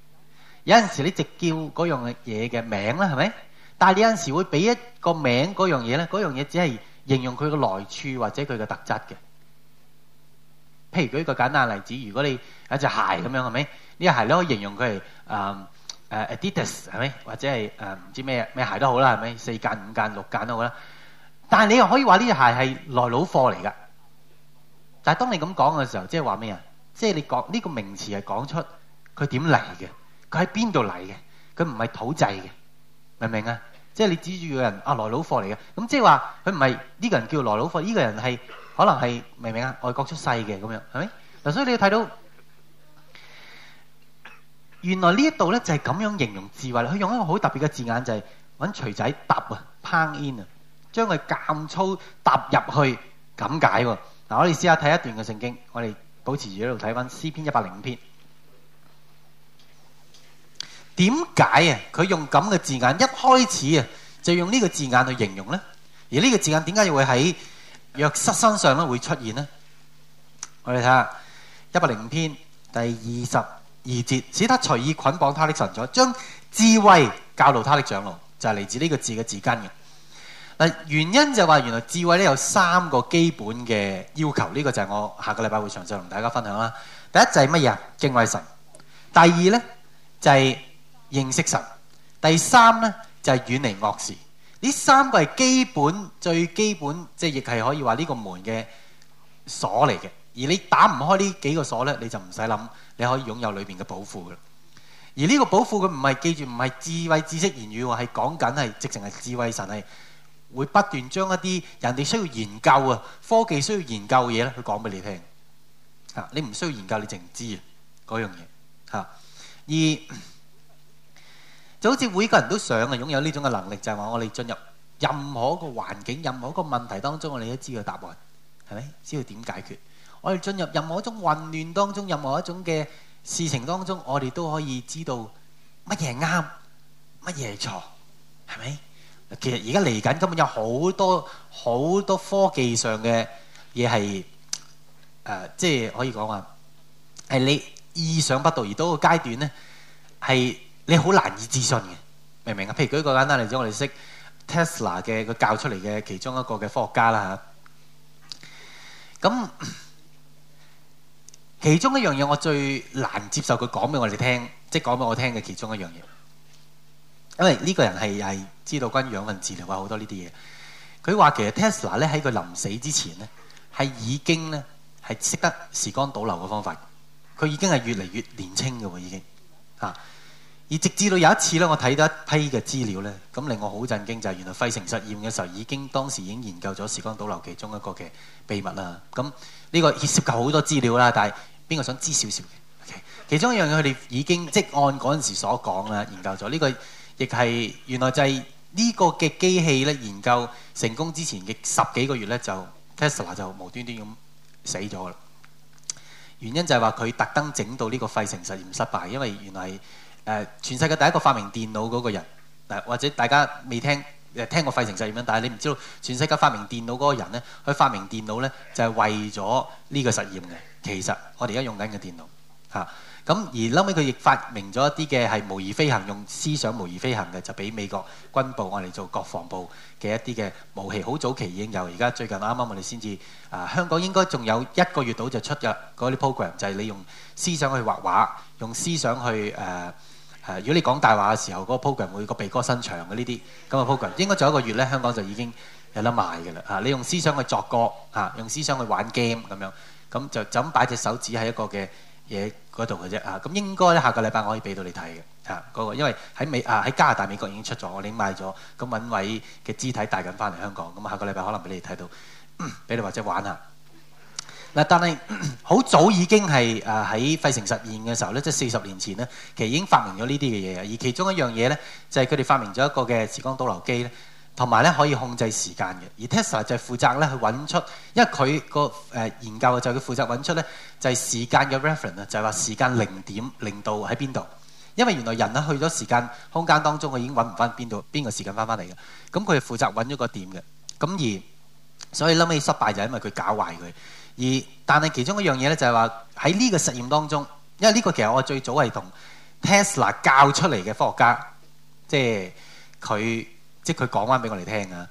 有陣時你直叫嗰樣嘢嘅名啦，係咪？但係你有陣時會俾一個名嗰樣嘢咧，嗰樣嘢只係形容佢嘅來處或者佢嘅特質嘅。譬如舉一個簡單例子，如果你有一隻鞋咁樣，係咪？呢隻鞋你可以形容佢係，嗯、呃。誒 Adidas 係咪？或者係誒唔知咩咩鞋都好啦，係咪四間五間六間都好啦？但係你又可以話呢隻鞋係來路貨嚟㗎。但係當你咁講嘅時候，即係話咩啊？即係你講呢個名詞係講出佢點嚟嘅？佢喺邊度嚟嘅？佢唔係土製嘅，明唔明啊？即係你指住個人啊，來路貨嚟嘅。咁即係話佢唔係呢個人叫來路貨，呢個人係可能係明唔明啊？外國出世嘅咁樣係咪？嗱，所以你要睇到。原來呢一度咧就係咁樣形容智慧啦，佢用一個好特別嘅字眼就係揾錘仔揼啊 pound in 啊，將佢咁粗揼入去咁解喎。嗱，我哋試下睇一段嘅聖經，我哋保持住喺度睇翻詩篇一百零五篇。點解啊？佢用咁嘅字眼一開始啊，就用呢個字眼去形容咧。而呢個字眼點解又會喺約瑟身上咧會出現咧？我哋睇下一百零五篇第二十。而節使他隨意捆綁他的神座，將智慧教導他的長老，就係、是、嚟自呢個字嘅字根嘅。嗱，原因就話原來智慧咧有三個基本嘅要求，呢、這個就係我下個禮拜會詳細同大家分享啦。第一就係乜嘢啊？敬畏神。第二呢，就係認識神。第三呢，就係遠離惡事。呢三個係基本，最基本，即係亦係可以話呢個門嘅鎖嚟嘅。而你打唔開呢幾個鎖呢，你就唔使諗，你可以擁有裏面嘅寶庫嘅。而呢個寶庫佢唔係記住，唔係智慧知識言語，係講緊係直情係智慧神係會不斷將一啲人哋需要研究啊、科技需要研究嘅嘢咧，佢講俾你聽嚇。你唔需要研究，你淨知嗰樣嘢嚇。而就好似每個人都想啊擁有呢種嘅能力，就係、是、話我哋進入任何一個環境、任何一個問題當中，我哋都知個答案，係咪？知道點解決？我哋進入任何一種混亂當中，任何一種嘅事情當中，我哋都可以知道乜嘢啱，乜嘢錯，係咪？其實而家嚟緊根本有好多好多科技上嘅嘢係誒，即係可以講話係你意想不到而到個階段咧，係你好難以置信嘅，明唔明啊？譬如舉一個簡單例子，我哋識 Tesla 嘅佢教出嚟嘅其中一個嘅科學家啦吓，咁。其中一樣嘢我最難接受，佢講俾我哋聽，即係講俾我聽嘅其中一樣嘢。因為呢個人係係知道關於養分治療話好多呢啲嘢，佢話其實 Tesla 咧，喺佢臨死之前咧，係已經咧係識得時光倒流嘅方法，佢已經係越嚟越年輕嘅喎已經嚇。而、啊、直至到有一次咧，我睇到一批嘅資料咧，咁令我好震驚就係、是、原來費城實驗嘅時候已經當時已經研究咗時光倒流其中一個嘅秘密啦。咁呢個涉及好多資料啦，但係邊個想知少少嘅？OK，其中一樣嘢，佢哋已經即按嗰陣時所講啊，研究咗呢個，亦係原來就係呢個嘅機器咧，研究成功之前嘅十幾個月咧，就 Tesla 就無端端咁死咗啦。原因就係話佢特登整到呢個費城實驗失敗，因為原來誒、呃、全世界第一個發明電腦嗰個人，或者大家未聽誒聽過費城實驗，但係你唔知道全世界發明電腦嗰個人咧，佢發明電腦咧就係為咗呢個實驗嘅。其實我哋而家用緊嘅電腦嚇咁，而後尾佢亦發明咗一啲嘅係模擬飛行，用思想模擬飛行嘅就俾美國軍部我哋做國防部嘅一啲嘅武器。好早期已經有，而家最近啱啱我哋先至啊。香港應該仲有一個月到就出嘅嗰啲 program，就係你用思想去畫畫，用思想去誒誒、啊啊。如果你講大話嘅時候，嗰、那個 program 會個鼻哥伸長嘅呢啲咁嘅 program。應該仲有一個月咧，香港就已經有得賣嘅啦嚇。你用思想去作歌嚇、啊，用思想去玩 game 咁樣。咁就就咁擺隻手指喺一個嘅嘢嗰度嘅啫啊！咁應該咧下個禮拜我可以俾到你睇嘅啊嗰、嗰個，因為喺美啊喺加拿大美國已經出咗，我已經買咗。咁文偉嘅肢體帶緊翻嚟香港，咁下個禮拜可能俾你哋睇到，俾、嗯、你或者玩下。嗱、啊，但係好早已經係啊喺費城實驗嘅時候咧，即係四十年前咧，其實已經發明咗呢啲嘅嘢啊。而其中一樣嘢咧，就係佢哋發明咗一個嘅時光倒流機咧。同埋咧可以控制時間嘅，而 Tesla 就係負責咧去揾出，因為佢個誒研究就係佢負責揾出咧就係時間嘅 reference，就係話時間零點零度喺邊度。因為原來人咧去咗時間空間當中，佢已經揾唔翻邊度邊個時間翻翻嚟嘅。咁佢負責揾咗個點嘅。咁而所以臨尾失敗就係因為佢搞壞佢。而但係其中一樣嘢咧就係話喺呢個實驗當中，因為呢個其實我最早係同 Tesla 教出嚟嘅科學家，即係佢。即係佢講翻俾我哋聽啊！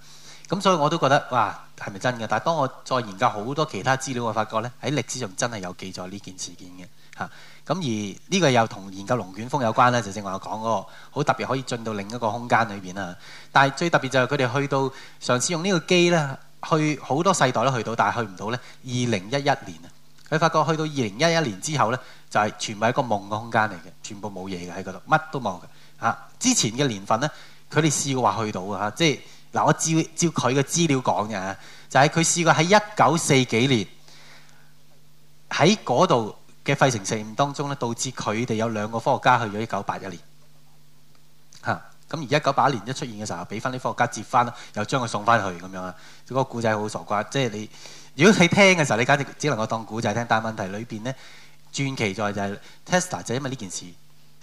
咁所以我都覺得哇，係咪真嘅？但係當我再研究好多其他資料，我發覺呢，喺歷史上真係有記載呢件事件嘅嚇。咁而呢個又同研究龍捲風有關咧，就正話我講嗰個好特別，可以進到另一個空間裏邊啊！但係最特別就係佢哋去到上次用呢個機呢，去好多世代都去到，但係去唔到呢，二零一一年啊，佢發覺去到二零一一年之後呢，就係全部係一個夢嘅空間嚟嘅，全部冇嘢嘅喺嗰度，乜都冇嘅嚇。之前嘅年份呢。佢哋試過話去到嘅嚇，即係嗱，我照照佢嘅資料講嘅，就係佢試過喺一九四幾年喺嗰度嘅費城四五當中咧，導致佢哋有兩個科學家去咗一九八一年嚇。咁、啊、而一九八一年一出現嘅時候，俾翻啲科學家接翻，又將佢送翻去咁樣啊。嗰、那個古仔好傻瓜，即係你如果你聽嘅時候，你簡直只能夠當古仔聽。但係問題裏邊咧，傳奇在就係、是、Tesla 就因為呢件事。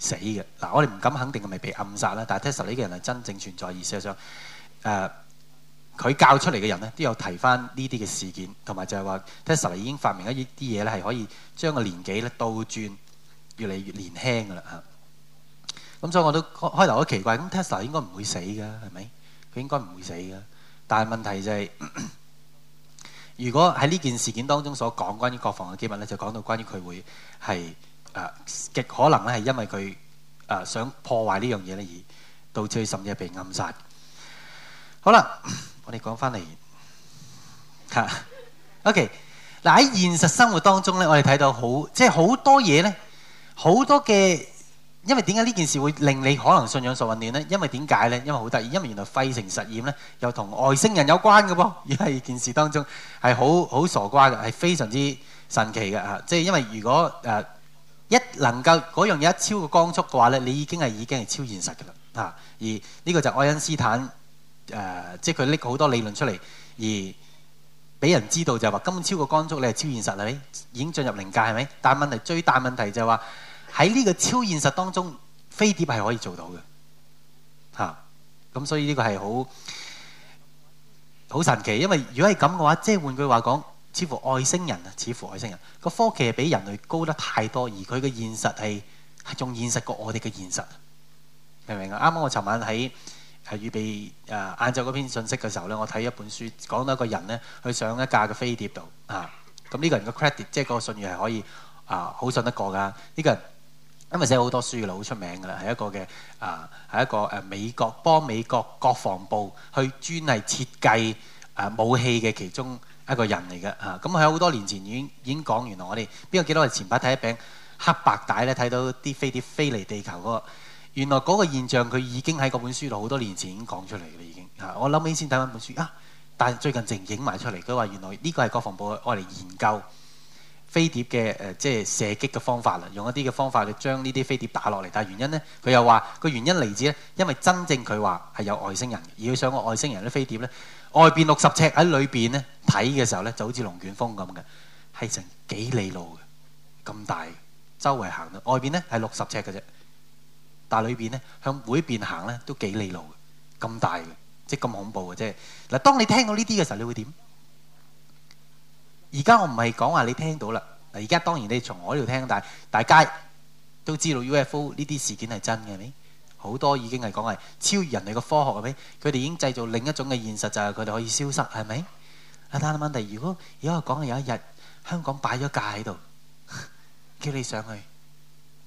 死嘅嗱，我哋唔敢肯定佢咪被暗殺啦。但係 Tesla 呢個人係真正存在意思，而事實上，誒、呃、佢教出嚟嘅人咧，都有提翻呢啲嘅事件，同埋就係話 Tesla 已經發明一啲嘢咧，係可以將個年紀咧倒轉，越嚟越年輕噶啦嚇。咁所以我都開頭好奇怪，咁 Tesla 應該唔會死噶，係咪？佢應該唔會死噶。但係問題就係、是，如果喺呢件事件當中所講關於國防嘅機密咧，就講到關於佢會係。誒極可能咧係因為佢誒想破壞呢樣嘢咧，而導致佢甚至被暗殺。好啦，我哋講翻嚟嚇。 *laughs* OK，嗱喺現實生活當中咧，我哋睇到好即係好多嘢咧，好多嘅，因為點解呢件事會令你可能信仰受混亂呢？因為點解呢？因為好得意，因為原來費城實驗呢，又同外星人有關嘅噃，而喺件事當中係好好傻瓜嘅，係非常之神奇嘅嚇。即係因為如果誒。呃一能夠嗰樣嘢一超過光速嘅話咧，你已經係已經係超現實嘅啦，啊！而呢個就係愛因斯坦誒、呃，即係佢拎好多理論出嚟，而俾人知道就係話根本超過光速，你係超現實啦，已經進入靈界係咪？但係問題最大問題就係話喺呢個超現實當中，飛碟係可以做到嘅，嚇、啊！咁所以呢個係好好神奇，因為如果係咁嘅話，即係換句話講。似乎外星人啊，似乎外星人個科技係比人類高得太多，而佢嘅現實係仲現實過我哋嘅現實，明唔明啊？啱啱我尋晚喺係預備誒晏晝嗰篇信息嘅時候咧，我睇一本書，講到一個人咧去上一架嘅飛碟度啊。咁呢個人嘅 credit，即係個信譽係可以啊好信得過㗎。呢、呢個人因為寫好多書㗎啦，好出名㗎啦，係一個嘅啊係一個誒美國幫美國國防部去專係設計誒、啊、武器嘅其中。一個人嚟嘅嚇，咁佢喺好多年前已經已經講完啦，我哋邊個記得我哋前排睇一餅黑白帶咧，睇到啲飛碟飛離地球嗰個，原來嗰個現象佢已經喺嗰本書度好多年前已經講出嚟嘅啦，已經嚇、嗯。我諗起先睇翻本書啊，但最近淨影埋出嚟，佢話原來呢個係國防部愛嚟研究飛碟嘅誒、呃，即係射擊嘅方法啦，用一啲嘅方法去將呢啲飛碟打落嚟。但係原因呢，佢又話個原因嚟自咧，因為真正佢話係有外星人，而佢想個外星人啲飛碟呢。外邊六十尺喺裏邊咧睇嘅時候咧就好似龍捲風咁嘅，係成幾里路嘅咁大，周圍行到外邊咧係六十尺嘅啫，但係裏邊咧向每邊行咧都幾里路嘅咁大嘅，即係咁恐怖嘅啫嗱，當你聽到呢啲嘅時候，你會點？而家我唔係講話你聽到啦，嗱，而家當然你從我呢度聽，但係大家都知道 UFO 呢啲事件係真嘅咩？好多已經係講係超越人類嘅科學嘅咩？佢哋已經製造另一種嘅現實，就係佢哋可以消失，係咪？阿但問題，如果如果我講係有一日香港擺咗架喺度，叫你上去，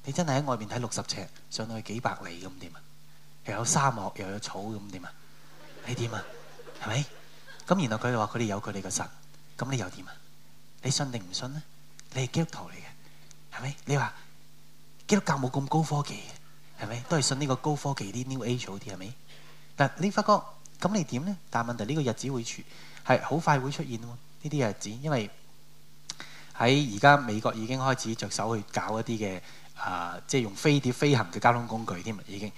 你真係喺外面睇六十尺，上去幾百里咁點啊？又有沙漠，又有草咁點啊？你點啊？係咪？咁然後佢哋話佢哋有佢哋嘅神，咁你又點啊？你信定唔信呢？你係基督徒嚟嘅，係咪？你話基督教冇咁高科技係咪都係信呢個高科技啲 New Age 好啲係咪？但你發覺咁你點呢？但問題呢個日子會出係好快會出現喎。呢啲日子，因為喺而家美國已經開始着手去搞一啲嘅啊，即係用飛碟飛行嘅交通工具添已經。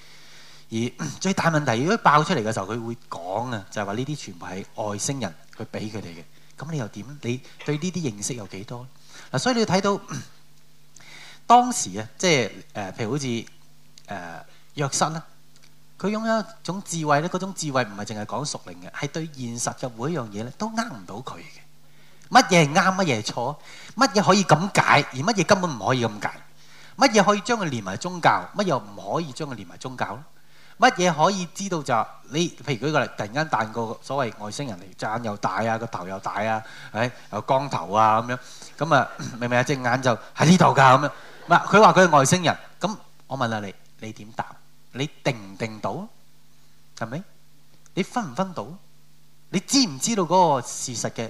而最大問題如果爆出嚟嘅時候，佢會講啊，就係話呢啲全部係外星人去俾佢哋嘅。咁你又點？你對呢啲認識有幾多？嗱，所以你要睇到、呃、當時啊，即係誒、呃，譬如好似。誒、呃，約瑟咧，佢擁有一種智慧咧，嗰種智慧唔係淨係講屬靈嘅，係對現實入面一樣嘢咧都啱唔到佢嘅。乜嘢係啱，乜嘢係錯？乜嘢可以咁解，而乜嘢根本唔可以咁解？乜嘢可以將佢連埋宗教？乜又唔可以將佢連埋宗教？乜嘢可以知道就係、你？譬如舉個例，突然間彈個所謂外星人嚟，隻眼又大啊，個頭又大啊，誒又光頭啊咁樣，咁啊，明明啊隻眼就喺呢度㗎咁樣。唔佢話佢係外星人，咁我問下你。你點答？你定唔定到？係咪？你分唔分到？你知唔知道嗰個事實嘅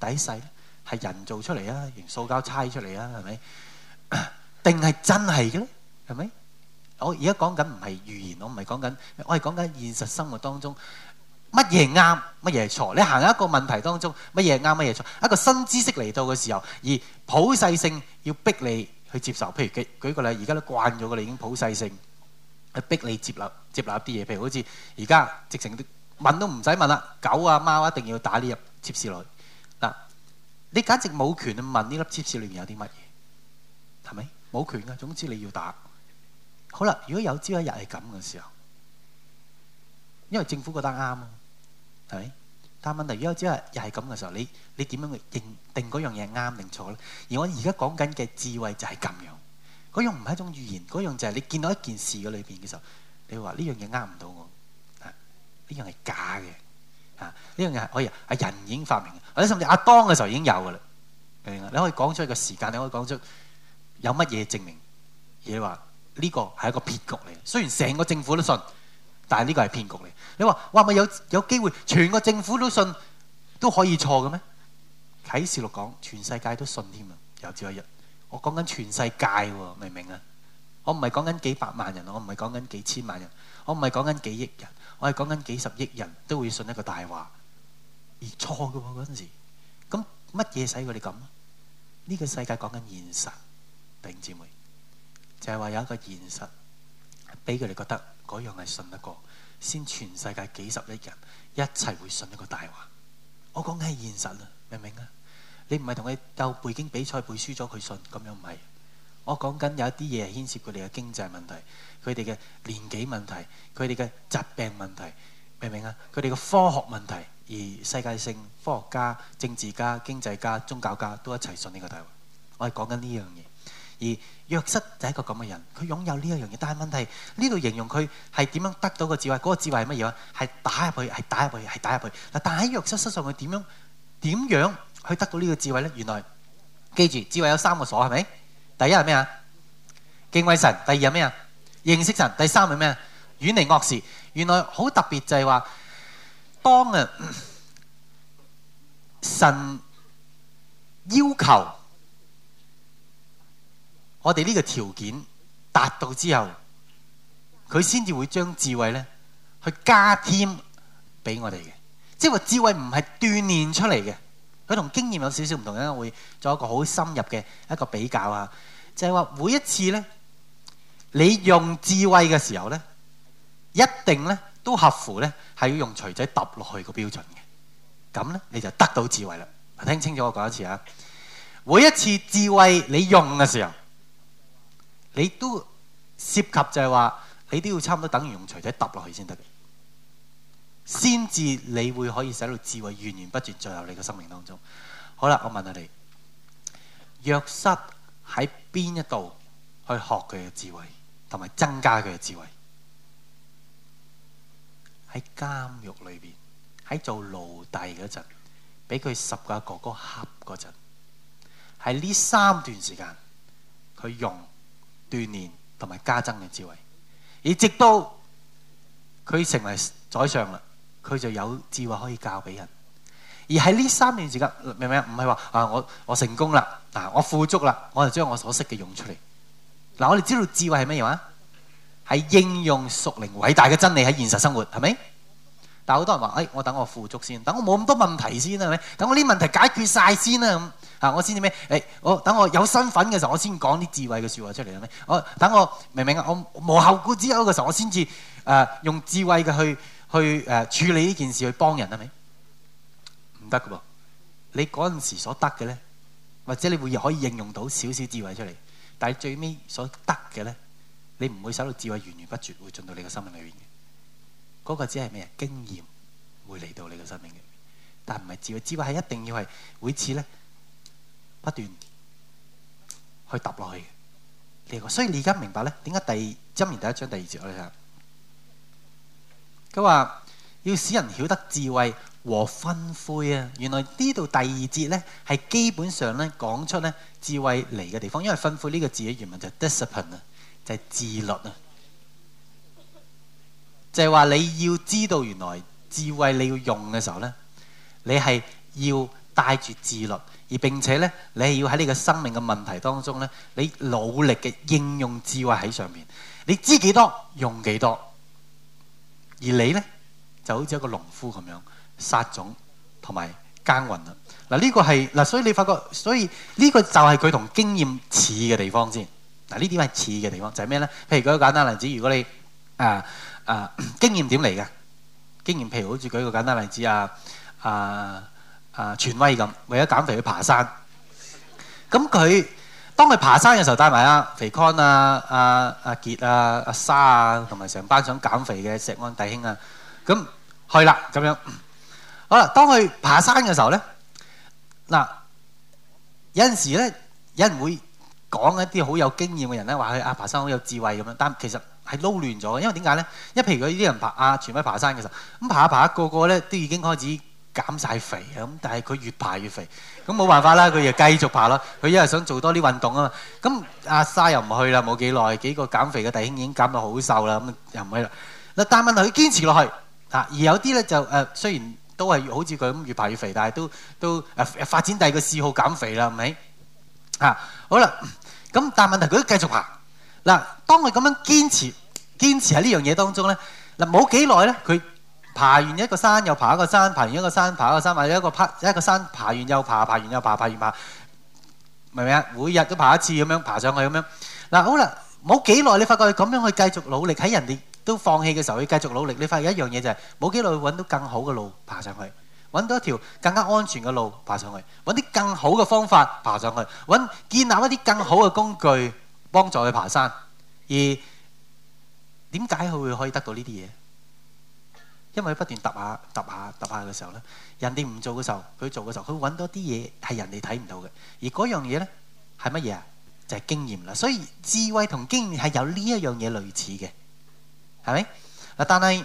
底細？係人造出嚟啊，用塑膠猜出嚟啊，係咪？定係真係嘅咧？係咪？我而家講緊唔係預言，我唔係講緊，我係講緊現實生活當中乜嘢啱，乜嘢錯。你行一個問題當中，乜嘢啱，乜嘢錯？一個新知識嚟到嘅時候，而普世性要逼你。去接受，譬如舉舉個例，而家都慣咗嘅啦，已經普世性去逼你接納接納啲嘢，譬如好似而家直情問都唔使問啦，狗啊貓一定要打呢粒注射類嗱，你簡直冇權去問呢粒注射裏面有啲乜嘢，係咪冇權嘅？總之你要打，好啦，如果有朝一日係咁嘅時候，因為政府覺得啱，係咪？但問題如，如果只係又係咁嘅時候，你你點樣去認定嗰樣嘢啱定錯咧？而我而家講緊嘅智慧就係咁樣，嗰樣唔係一種預言，嗰樣就係你見到一件事嘅裏邊嘅時候，你話呢樣嘢啱唔到我，啊呢樣係假嘅，啊呢樣嘢係可以阿人已經發明，或者甚至阿當嘅時候已經有㗎喇，明你可以講出個時間，你可以講出，出有乜嘢證明嘢話呢個係一個騙局嚟？雖然成個政府都信。但係呢個係騙局嚟，你話話咪有有機會，全個政府都信都可以錯嘅咩？啟示錄講，全世界都信添啊！有朝一日，我講緊全世界喎，明唔明啊？我唔係講緊幾百萬人，我唔係講緊幾千萬人，我唔係講緊幾億人，我係講緊幾十億人都會信一個大話而錯嘅喎，嗰陣時，咁乜嘢使佢哋咁？呢、這個世界講緊現實，弟兄姊妹就係、是、話有一個現實俾佢哋覺得。嗰樣係信得過，先全世界幾十億人一齊會信一個大話。我講緊係現實啊，明唔明啊？你唔係同佢鬥背經比賽背書咗佢信，咁樣唔係。我講緊有一啲嘢係牽涉佢哋嘅經濟問題、佢哋嘅年紀問題、佢哋嘅疾病問題，明唔明啊？佢哋嘅科學問題，而世界性科學家、政治家、經濟家、宗教家都一齊信呢個大話。我係講緊呢樣嘢。而約瑟就係一個咁嘅人，佢擁有呢一樣嘢，但係問題呢度形容佢係點樣得到個智慧？嗰個智慧係乜嘢啊？係打入去，係打入去，係打入去。嗱，但喺約瑟身上佢點樣點樣去得到呢個智慧咧？原來記住智慧有三個鎖，係咪？第一係咩啊？敬畏神。第二係咩啊？認識神。第三係咩啊？遠離惡事。原來好特別就係話，當啊神要求。我哋呢個條件達到之後，佢先至會將智慧呢去加添俾我哋嘅，即係話智慧唔係鍛鍊出嚟嘅，佢同經驗有少少唔同，因為會做一個好深入嘅一個比較啊。就係話每一次呢，你用智慧嘅時候呢，一定呢都合乎呢係要用錘仔揼落去個標準嘅。咁呢，你就得到智慧啦。聽清楚我講一次啊，每一次智慧你用嘅時候。你都涉及就係話，你都要差唔多等於用錘仔揼落去先得，先至你會可以使到智慧源源不絕進入你個生命當中。好啦，我問下你，約瑟喺邊一度去學佢嘅智、智慧，同埋增加佢嘅智慧？喺監獄裏邊，喺做奴隸嗰陣，俾佢十個哥哥恰嗰陣，喺呢三段時間，佢用。鍛煉同埋加增嘅智慧，而直到佢成為宰相啦，佢就有智慧可以教俾人。而喺呢三年時間，明唔明？唔係話啊，我我成功啦，嗱我富足啦，我就將我所識嘅用出嚟。嗱，我哋知道智慧係乜嘢啊？係應用屬靈偉大嘅真理喺現實生活，係咪？但好多人話，誒、哎，我等我富足先，等我冇咁多問題先啦，係咪？等我呢問題解決晒先啦，咁，嚇我先至咩？誒，我、哎、我等我有身份嘅時候，我先講啲智慧嘅説話出嚟啦，係咪？我等我明明啊？我無後顧之憂嘅時候，我先至誒用智慧嘅去去誒、呃、處理呢件事，去幫人啦，咪唔得嘅噃？你嗰陣時所得嘅咧，或者你會可以應用到少少智慧出嚟，但係最尾所得嘅咧，你唔會收到智慧源源不絕會進到你嘅生命裏邊嘅。嗰個只係咩啊？經驗會嚟到你個生命嘅，但唔係智慧，智慧係一定要係每次咧不斷去揼落去嘅。所以你而家明白咧，點解第一章第二節咧，我哋睇下，佢話要使人曉得智慧和訓誨啊？原來呢度第二節咧係基本上咧講出咧智慧嚟嘅地方，因為訓誨呢個字嘅原文就係 discipline 啊，就係自律啊。就係話你要知道原來智慧你要用嘅時候呢，你係要帶住自律，而並且呢，你係要喺你個生命嘅問題當中呢，你努力嘅應用智慧喺上面。你知幾多用幾多，而你呢就好似一個農夫咁樣撒種同埋耕耘。啦。嗱，呢個係，嗱，所以你發覺，所以呢個就係佢同經驗似嘅地方先。嗱，呢啲係似嘅地方就係咩呢？譬如舉個簡單例子，如果你啊～呃啊，經驗點嚟嘅？經驗譬如好似舉一個簡單例子啊，啊啊，權威咁，為咗減肥去爬山。咁佢當佢爬山嘅時候，帶埋阿肥 Con 啊、阿阿傑啊、阿莎啊，同埋成班想減肥嘅石安弟兄啊，咁去啦咁樣。好啦，當佢爬山嘅時候咧，嗱有陣時咧，有人會講一啲好有經驗嘅人咧，話佢啊，爬山好有智慧咁樣，但其實。係撈亂咗因為點解咧？一譬如佢呢啲人爬啊，全部喺爬山嘅時候，咁爬一爬，個個咧都已經開始減晒肥啊！咁但係佢越爬越肥，咁冇辦法啦，佢就繼續爬咯。佢因為想做多啲運動啊嘛。咁阿沙又唔去啦，冇幾耐，幾個減肥嘅弟兄已經減到好瘦啦，咁又唔去啦。嗱，但問題佢堅持落去嚇、啊，而有啲咧就誒、啊，雖然都係好似佢咁越爬越肥，但係都都誒、啊、發展第二個嗜好減肥啦，係咪？嚇、啊、好啦。咁但問題佢都繼續爬。嗱，當佢咁樣堅持，堅持喺呢樣嘢當中咧，嗱冇幾耐咧，佢爬完一個山又爬一個山，爬完一個山爬一個山，爬完一個山爬一個山，爬完又爬，爬完又爬，爬完爬，明唔明啊？每日都爬一次咁樣爬上去咁樣。嗱好啦，冇幾耐你發覺佢咁樣去繼續努力，喺人哋都放棄嘅時候，佢繼續努力。你發現一樣嘢就係，冇幾耐去揾到更好嘅路爬上去，揾到一條更加安全嘅路爬上去，揾啲更好嘅方法爬上去，揾建立一啲更好嘅工具。幫助佢爬山，而點解佢會可以得到呢啲嘢？因為佢不斷揼下揼下揼下嘅時候咧，人哋唔做嘅時候，佢做嘅時候，佢揾到啲嘢係人哋睇唔到嘅。而嗰樣嘢咧係乜嘢啊？就係經驗啦。所以智慧同經驗係有呢一樣嘢類似嘅，係咪嗱？但係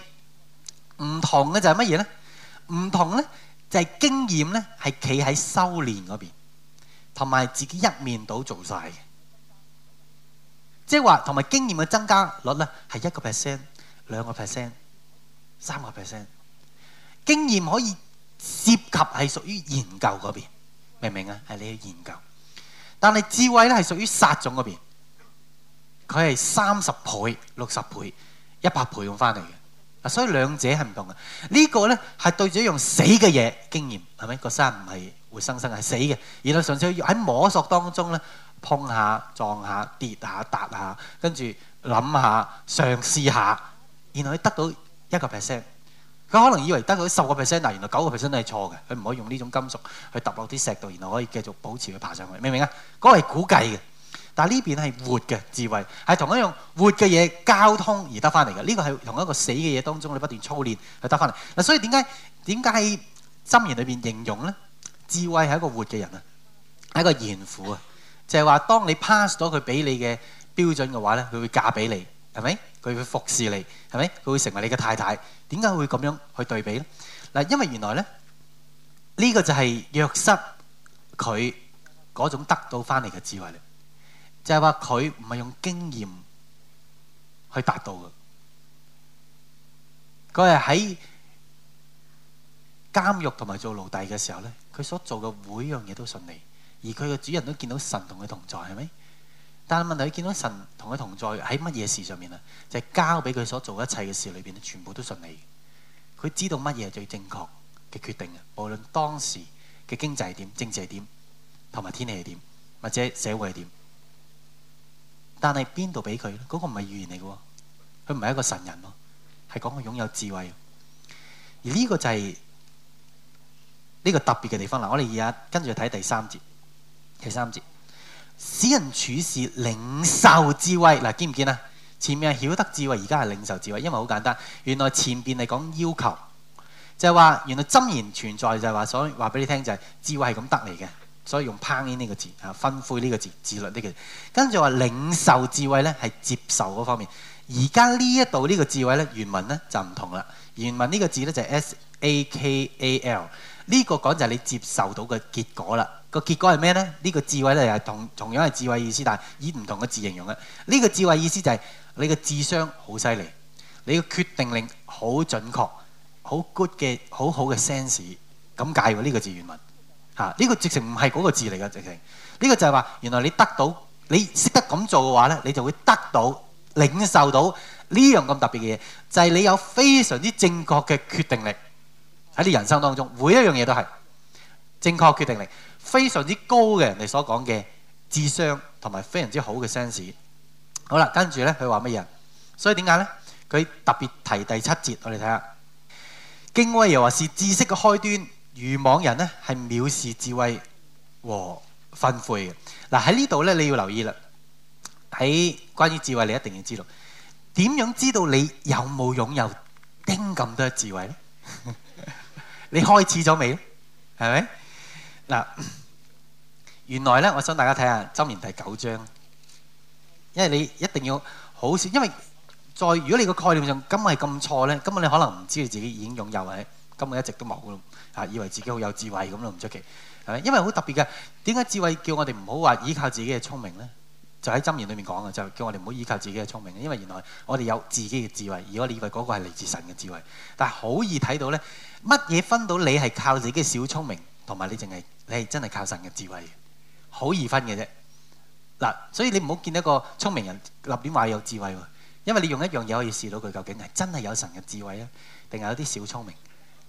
唔同嘅就係乜嘢咧？唔同咧就係經驗咧係企喺修練嗰邊，同埋自己一面倒做曬。即係話同埋經驗嘅增加率咧，係一個 percent、兩個 percent、三個 percent。經驗可以涉及係屬於研究嗰邊，明唔明啊？係你嘅研究，但係智慧咧係屬於殺種嗰邊，佢係三十倍、六十倍、一百倍咁翻嚟嘅。啊，所以兩者係唔同嘅。這個、呢個咧係對住用死嘅嘢，經驗係咪個身唔係活生生係死嘅？而我純粹喺摸索當中咧。碰下撞下跌下揼下，跟住諗下嘗試下，然後佢得到一個 percent。佢可能以為得到十個 percent，嗱，原來九個 percent 都係錯嘅，佢唔可以用呢種金屬去揼落啲石度，然後可以繼續保持佢爬上去，明唔明啊？嗰係估計嘅，但係呢邊係活嘅智慧，係同一樣活嘅嘢交通而得翻嚟嘅。呢個係同一個死嘅嘢當中，你不斷操練去得翻嚟嗱。所以點解點解係《箴言》裏邊形容咧？智慧係一個活嘅人啊，係一個賢婦啊。就係話，當你 pass 咗佢俾你嘅標準嘅話咧，佢會嫁俾你，係咪？佢會服侍你，係咪？佢會成為你嘅太太。點解會咁樣去對比咧？嗱，因為原來咧，呢、這個就係約瑟佢嗰種得到翻嚟嘅智慧嚟。就係話佢唔係用經驗去達到嘅。佢係喺監獄同埋做奴隸嘅時候咧，佢所做嘅每樣嘢都順利。而佢嘅主人都見到神同佢同在，係咪？但係問題，佢見到神同佢同在喺乜嘢事上面啊？就係交俾佢所做一切嘅事裏邊，全部都順利。佢知道乜嘢係最正確嘅決定啊！無論當時嘅經濟係點、政治係點、同埋天氣係點，或者社會係點。但係邊度俾佢咧？嗰個唔係預言嚟嘅，佢唔係一個神人喎，係講佢擁有智慧。而呢個就係呢個特別嘅地方嗱，我哋而家跟住睇第三節。第三節，使人處事領受智慧，嗱見唔見啊？前面係曉得智慧，而家係領受智慧，因為好簡單。原來前邊係講要求，就係、是、話原來箴言存在，就係話，所以話俾你聽就係智慧係咁得嚟嘅，所以用 p n 烹呢個字，啊分灰呢個字，自律呢個。跟住話領受智慧咧，係接受嗰方面。而家呢一度呢個智慧咧，原文咧就唔同啦。原文呢個字咧就係 s a k a l，呢個講就係你接受到嘅結果啦。個結果係咩呢？呢個智慧就係同同樣係智慧意思，但係以唔同嘅字形容嘅。呢個智慧意思就係你嘅智商好犀利，你嘅決定力好準確，好 good 嘅，好好嘅 sense 咁解喎。呢個字原文嚇，呢個直情唔係嗰個字嚟嘅直情。呢個就係話，原來你得到你識得咁做嘅話呢，你就會得到領受到呢樣咁特別嘅嘢，就係你有非常之正確嘅決定力喺你人生當中，每一樣嘢都係正確決定力。非常之高嘅，人哋所講嘅智商同埋非常之好嘅 sense，好啦，跟住呢，佢話乜嘢？所以點解呢？佢特別提第七節，我哋睇下。敬畏又話是知識嘅開端，愚妄人呢係藐視智慧和訓誨嘅。嗱，喺呢度呢，你要留意啦，喺關於智慧你一定要知道點樣知道你有冇擁有丁咁多智慧呢？ *laughs* 你開始咗未？係咪？嗱，原來咧，我想大家睇下《箴言》第九章，因為你一定要好少，因為再如果你個概念上根本係咁錯咧，根本你可能唔知道自己已經擁有，或者根本一直都冇，以為自己好有智慧咁咯，唔出奇，係咪？因為好特別嘅，點解智慧叫我哋唔好話依靠自己嘅聰明呢？就喺《箴言》裏面講嘅，就叫我哋唔好依靠自己嘅聰明，因為原來我哋有自己嘅智慧，如果你以為嗰個係嚟自神嘅智慧，但係好易睇到呢，乜嘢分到你係靠自己嘅小聰明，同埋你淨係。你係真係靠神嘅智慧，好易分嘅啫。嗱，所以你唔好見到個聰明人立亂話有智慧喎，因為你用一樣嘢可以試到佢究竟係真係有神嘅智慧啊，定係有啲小聰明，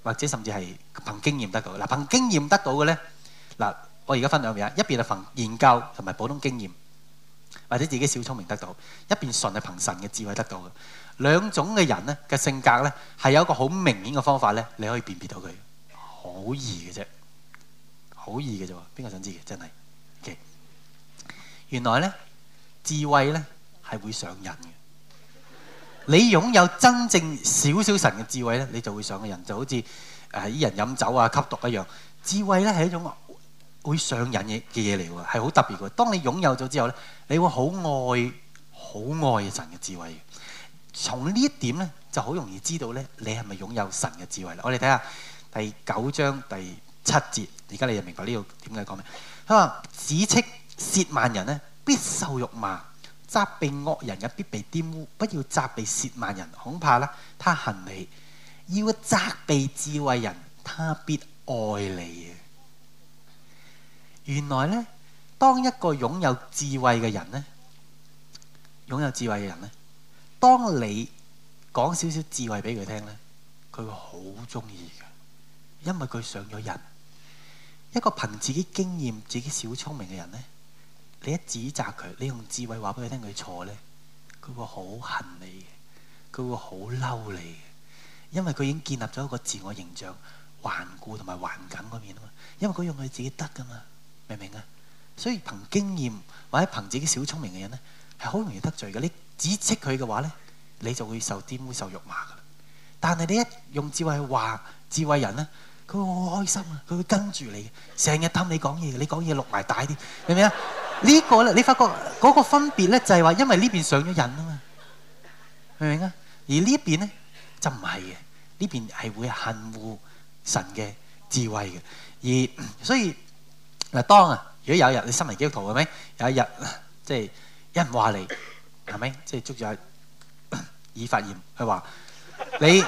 或者甚至係憑經驗得到。嗱，憑經驗得到嘅呢？嗱，我而家分兩邊啊，一邊係憑研究同埋普通經驗，或者自己小聰明得到；一邊純係憑神嘅智慧得到嘅。兩種嘅人呢，嘅性格呢，係有一個好明顯嘅方法呢，你可以辨別到佢，好易嘅啫。好易嘅啫，邊個想知嘅真係？Okay. 原來呢，智慧呢係會上癮嘅。你擁有真正少少神嘅智慧呢，你就會上癮，就好似誒啲人飲酒啊、吸毒一樣。智慧呢係一種會上癮嘅嘅嘢嚟嘅，係好特別嘅。當你擁有咗之後呢，你會好愛、好愛神嘅智慧嘅。從呢一點呢，就好容易知道呢，你係咪擁有神嘅智慧啦？我哋睇下第九章第七節，而家你就明白呢個點解講咩？佢話：指斥褻慢人呢，必受辱罵；責備惡人嘅，必被玷污。不要責備褻慢人，恐怕咧，他恨你；要責備智慧人，他必愛你啊！原來呢，當一個擁有智慧嘅人呢，擁有智慧嘅人呢，當你講少少智慧俾佢聽呢，佢會好中意嘅，因為佢上咗癮。一個憑自己經驗、自己小聰明嘅人咧，你一指責佢，你用智慧話俾佢聽佢錯咧，佢會好恨你嘅，佢會好嬲你嘅，因為佢已經建立咗一個自我形象，頑固同埋頑梗嗰面啊嘛，因為佢用佢自己得噶嘛，明唔明啊？所以憑經驗或者憑自己小聰明嘅人咧，係好容易得罪嘅。你指斥佢嘅話咧，你就會受點會受辱罵噶啦。但係你一用智慧去話智慧人咧。佢會好開心啊！佢會跟住你嘅，成日氹你講嘢嘅，你講嘢錄埋大啲，明唔明啊？呢個咧，你發覺嗰個分別咧，就係話，因為呢邊上咗癮啊嘛，明唔明啊？而呢邊咧就唔係嘅，呢邊係會恆護神嘅智慧嘅。而所以嗱，當啊，如果有日你成為基督徒係咪，有一日即係有人話你係咪？即係捉住阿以法蓮，佢話你。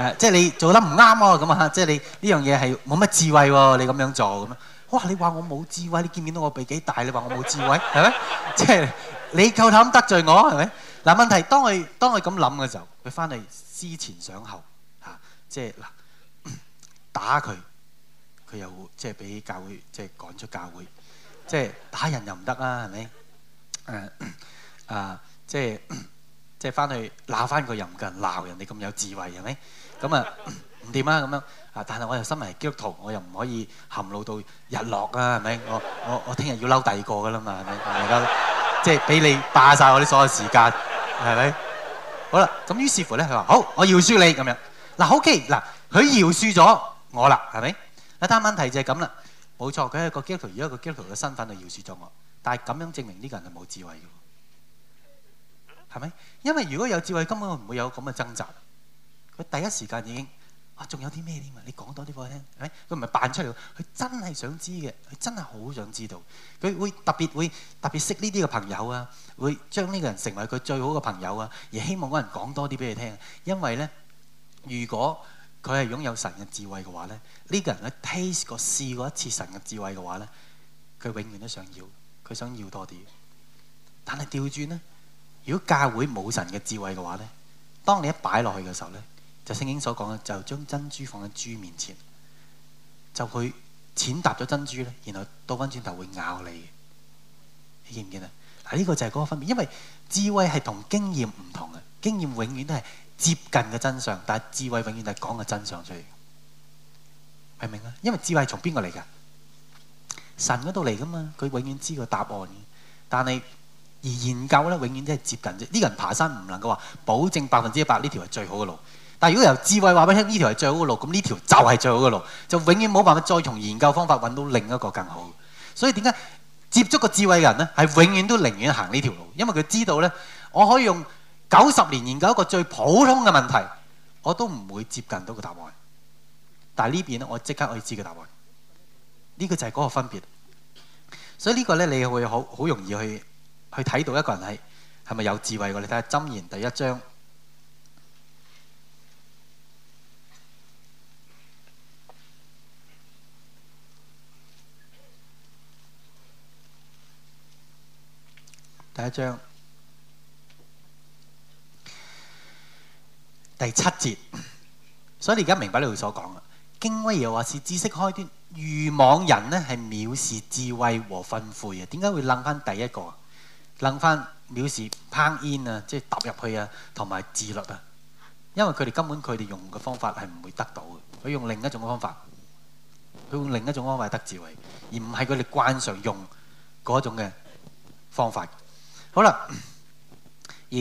誒，即係你做得唔啱喎，咁啊，即係你呢樣嘢係冇乜智慧喎，你咁樣做咁啊？哇！你話我冇智慧，你見唔見到我鼻幾大？你話我冇智慧係咪？即係你夠膽得罪我係咪？嗱，問題，當佢當佢咁諗嘅時候，佢翻嚟思前想後嚇，即係嗱打佢，佢又即係俾教會即係趕出教會，即係打人又唔得啦，係咪？誒啊，即係即係翻去鬧翻佢又唔夠人鬧，人哋咁有智慧係咪？咁啊，唔掂啊，咁樣啊，但係我又身為基督徒，我又唔可以含怒到日落啊，係咪？我我我聽日要嬲第二個噶啦嘛，係咪？大家，即係俾你霸晒我啲所有時間，係咪？好啦，咁於是乎咧，佢話好，我饒恕你咁樣。嗱，OK，嗱，佢饒恕咗我啦，係咪？一單問題就係咁啦，冇錯，佢係個基督徒，而家個基督徒嘅身份就饒恕咗我，但係咁樣證明呢個人係冇智慧嘅，係咪？因為如果有智慧，根本唔會有咁嘅掙扎。佢第一時間已經，哇！仲有啲咩添啊？你講多啲俾我聽。誒，佢唔係扮出嚟，佢真係想知嘅，佢真係好想知道。佢會特別會特別識呢啲嘅朋友啊，會將呢個人成為佢最好嘅朋友啊，而希望嗰人講多啲俾你聽。因為咧，如果佢係擁有神嘅智慧嘅話咧，呢個人咧 taste 過試過一次神嘅智慧嘅話咧，佢永遠都想要，佢想要多啲。但係調轉呢，如果教會冇神嘅智慧嘅話咧，當你一擺落去嘅時候咧，就聖經所講嘅，就將珍珠放喺豬面前，就佢踐踏咗珍珠咧，然後倒翻轉頭會咬你，你見唔見啊？嗱，呢個就係嗰個分別，因為智慧係同經驗唔同嘅。經驗永遠都係接近嘅真相，但係智慧永遠都係講嘅真相出嚟，明唔明啊？因為智慧從邊個嚟㗎？神嗰度嚟噶嘛？佢永遠知個答案。但係而研究咧，永遠都係接近啫。呢個人爬山唔能夠話保證百分之一百呢條係最好嘅路。但係如果由智慧話俾你聽，呢條係最好嘅路，咁呢條就係最好嘅路，就永遠冇辦法再從研究方法揾到另一個更好嘅。所以點解接觸個智慧人呢？係永遠都寧願行呢條路，因為佢知道呢，我可以用九十年研究一個最普通嘅問題，我都唔會接近到個答案。但係呢邊呢，我即刻可以知個答案。呢個就係嗰個分別。所以呢個呢，你會好好容易去去睇到一個人係係咪有智慧㗎？你睇下《箴言》第一章。第一章第七節，所以你而家明白你會所講啦。敬畏耶和華，是知識開端，愚妄人呢係藐視智慧和訓誨嘅。點解會擸翻第一個？擸翻藐視烹煙啊，即係踏入去啊，同埋自律啊。因為佢哋根本佢哋用嘅方法係唔會得到嘅。佢用另一種方法，佢用另一種方法得智慧，而唔係佢哋慣常用嗰種嘅方法。好啦，而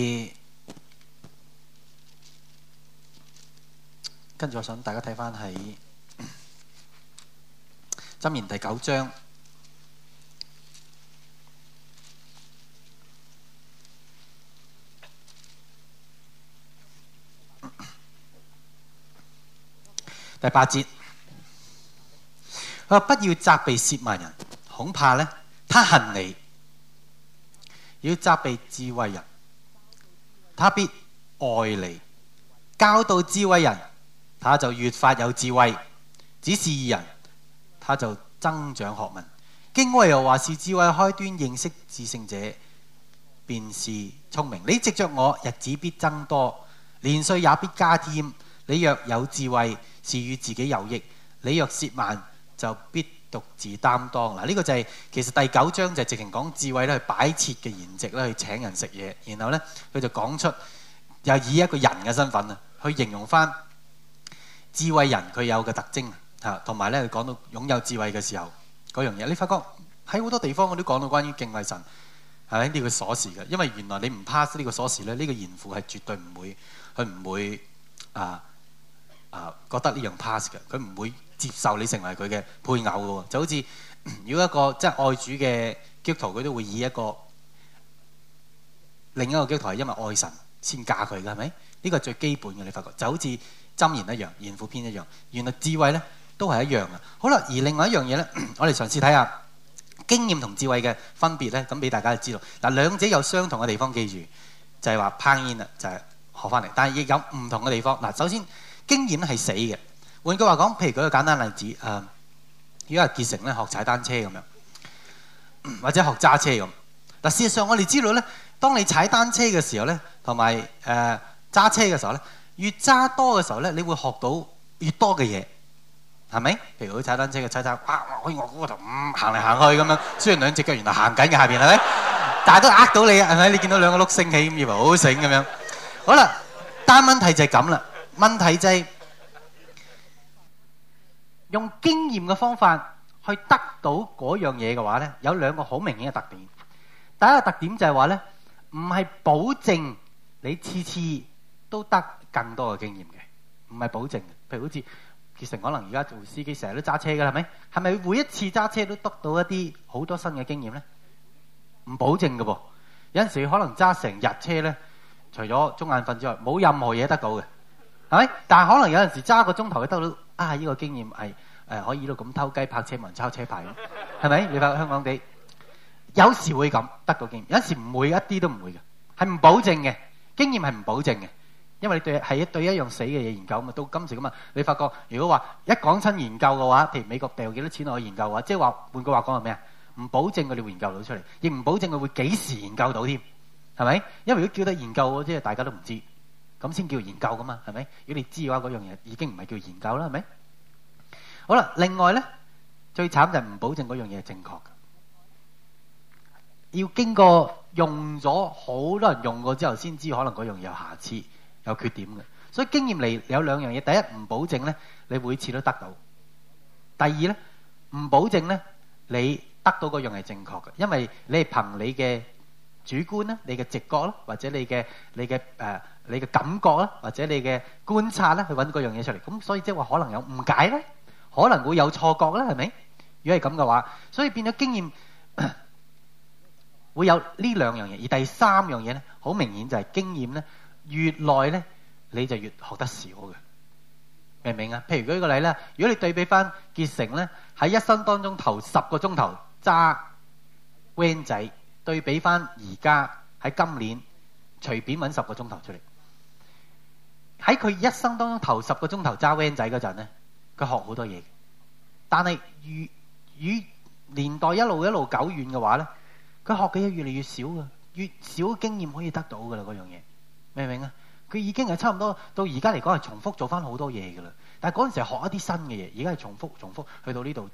跟住我想大家睇返喺箴言第九章第八節，佢話不要責備褻慢人，恐怕咧，他恨你。要責備智慧人，他必愛你；教導智慧人，他就越發有智慧。指示義人，他就增長學問。經文又話：是智慧開端，認識至聖者，便是聰明。你藉着我，日子必增多，年歲也必加添。你若有智慧，是與自己有益；你若褻慢，就必獨自擔當嗱，呢、這個就係、是、其實第九章就係直情講智慧咧，擺設嘅筵席，咧去請人食嘢，然後呢，佢就講出又以一個人嘅身份啊，去形容翻智慧人佢有嘅特徵啊，同埋呢，佢講到擁有智慧嘅時候嗰樣嘢，你發覺喺好多地方我都講到關於敬畏神，係咪呢、這個鎖匙嘅，因為原來你唔 pass 呢個鎖匙呢，呢、這個嚴父係絕對唔會佢唔會啊啊覺得呢樣 pass 嘅，佢唔會。接受你成為佢嘅配偶嘅喎，就好似如果一個即係愛主嘅基督徒，佢都會以一個另一個基督徒係因為愛神先嫁佢嘅，係咪？呢、這個係最基本嘅你發覺，就好似箴言一樣、願苦篇一樣。原來智慧呢都係一樣嘅。好啦，而另外一樣嘢呢，我哋嘗試睇下經驗同智慧嘅分別呢，咁俾大家知道嗱，兩者有相同嘅地方，記住就係話攀緣啦，就係學翻嚟，但係亦有唔同嘅地方。嗱，首先經驗係死嘅。換句話講，譬如舉個簡單例子，誒、呃，如果係結成咧學踩單車咁樣、呃，或者學揸車咁。但事實上我哋知道咧，當你踩單車嘅時候咧，同埋誒揸車嘅時候咧，越揸多嘅時候咧，你會學到越多嘅嘢，係咪？譬如佢踩單車嘅踩踩，哇！我以我嗰個頭行嚟行去咁樣，雖然兩隻腳原來行緊嘅下邊係咪？ *laughs* 但係都呃到你啊，係咪？你見到兩個碌升起咁，以為好醒咁樣。好啦，單問題就係咁啦，問題就係、是。用經驗嘅方法去得到嗰樣嘢嘅話咧，有兩個好明顯嘅特點。第一個特點就係話咧，唔係保證你次次都得更多嘅經驗嘅，唔係保證。譬如好似其實可能而家做司機成日都揸車嘅啦，係咪？係咪每一次揸車都得到一啲好多新嘅經驗咧？唔保證㗎噃，有陣時可能揸成日車咧，除咗中眼瞓之外，冇任何嘢得到嘅，係咪？但係可能有陣時揸個鐘頭，佢得到。啊！呢個經驗係誒可以到咁偷雞拍車門、抄車牌咁，係咪？你發香港地有時會咁得個經驗，有時唔會一啲都唔會嘅，係唔保證嘅經驗係唔保證嘅，因為你對係對一樣死嘅嘢研究咁啊，到今時咁啊，你發覺如果話一講親研究嘅話，譬如美國掉幾多錢落去研究嘅話，即係話換句話講係咩啊？唔保證佢哋會研究到出嚟，亦唔保證佢會幾時研究到添，係咪？因為如果叫得研究，即係大家都唔知。咁先叫研究噶嘛，係咪？如果你知嘅話，嗰樣嘢已經唔係叫研究啦，係咪？好啦，另外咧，最慘就係唔保證嗰樣嘢係正確嘅，要經過用咗好多人用過之後，先知可能嗰樣嘢有瑕疵、有缺點嘅。所以經驗嚟有兩樣嘢，第一唔保證咧，你每次都得到；第二咧，唔保證咧，你得到嗰樣係正確嘅，因為你係憑你嘅主觀啦、你嘅直覺啦，或者你嘅、你嘅誒。你嘅感覺啦，或者你嘅觀察咧，去揾嗰樣嘢出嚟，咁所以即係話可能有誤解咧，可能會有錯覺咧，係咪？如果係咁嘅話，所以變咗經驗會有呢兩樣嘢，而第三樣嘢咧，好明顯就係經驗咧，越耐咧你就越學得少嘅，明唔明啊？譬如舉個例咧，如果你對比翻結成咧，喺一生當中投十個鐘頭揸 w 仔，對比翻而家喺今年隨便揾十個鐘頭出嚟。喺佢一生當中頭十個鐘頭揸 van 仔嗰陣咧，佢學好多嘢。但係與與年代一路一路久遠嘅話咧，佢學嘅嘢越嚟越少嘅，越少的經驗可以得到嘅啦嗰樣嘢，明唔明啊？佢已經係差唔多到而家嚟講係重複做返好多嘢嘅啦。但係嗰陣時候學一啲新嘅嘢，而家係重複重複去到呢度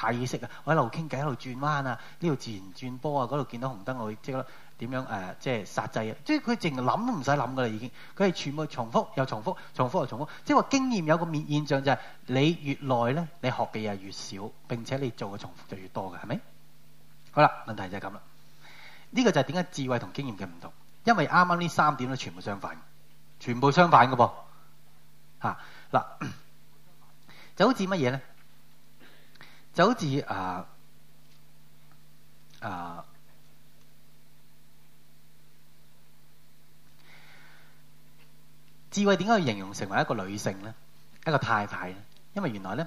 下意識啊，我喺度傾偈喺度轉彎啊，呢度自然轉波啊，嗰度見到紅燈我會即刻。點樣誒、呃，即係殺制啊！即係佢淨係諗都唔使諗噶啦，已經佢係全部重複又重複，重複又重複。即係話經驗有個面現象就係，你越耐咧，你學嘅嘢越少，並且你做嘅重複就越多嘅，係咪？好啦，問題就係咁啦。呢、這個就係點解智慧同經驗嘅唔同，因為啱啱呢三點都全部相反，全部相反嘅噃。吓、啊、嗱，就好似乜嘢咧？就好似啊啊！呃呃智慧點解要形容成為一個女性咧，一個太太咧？因為原來咧，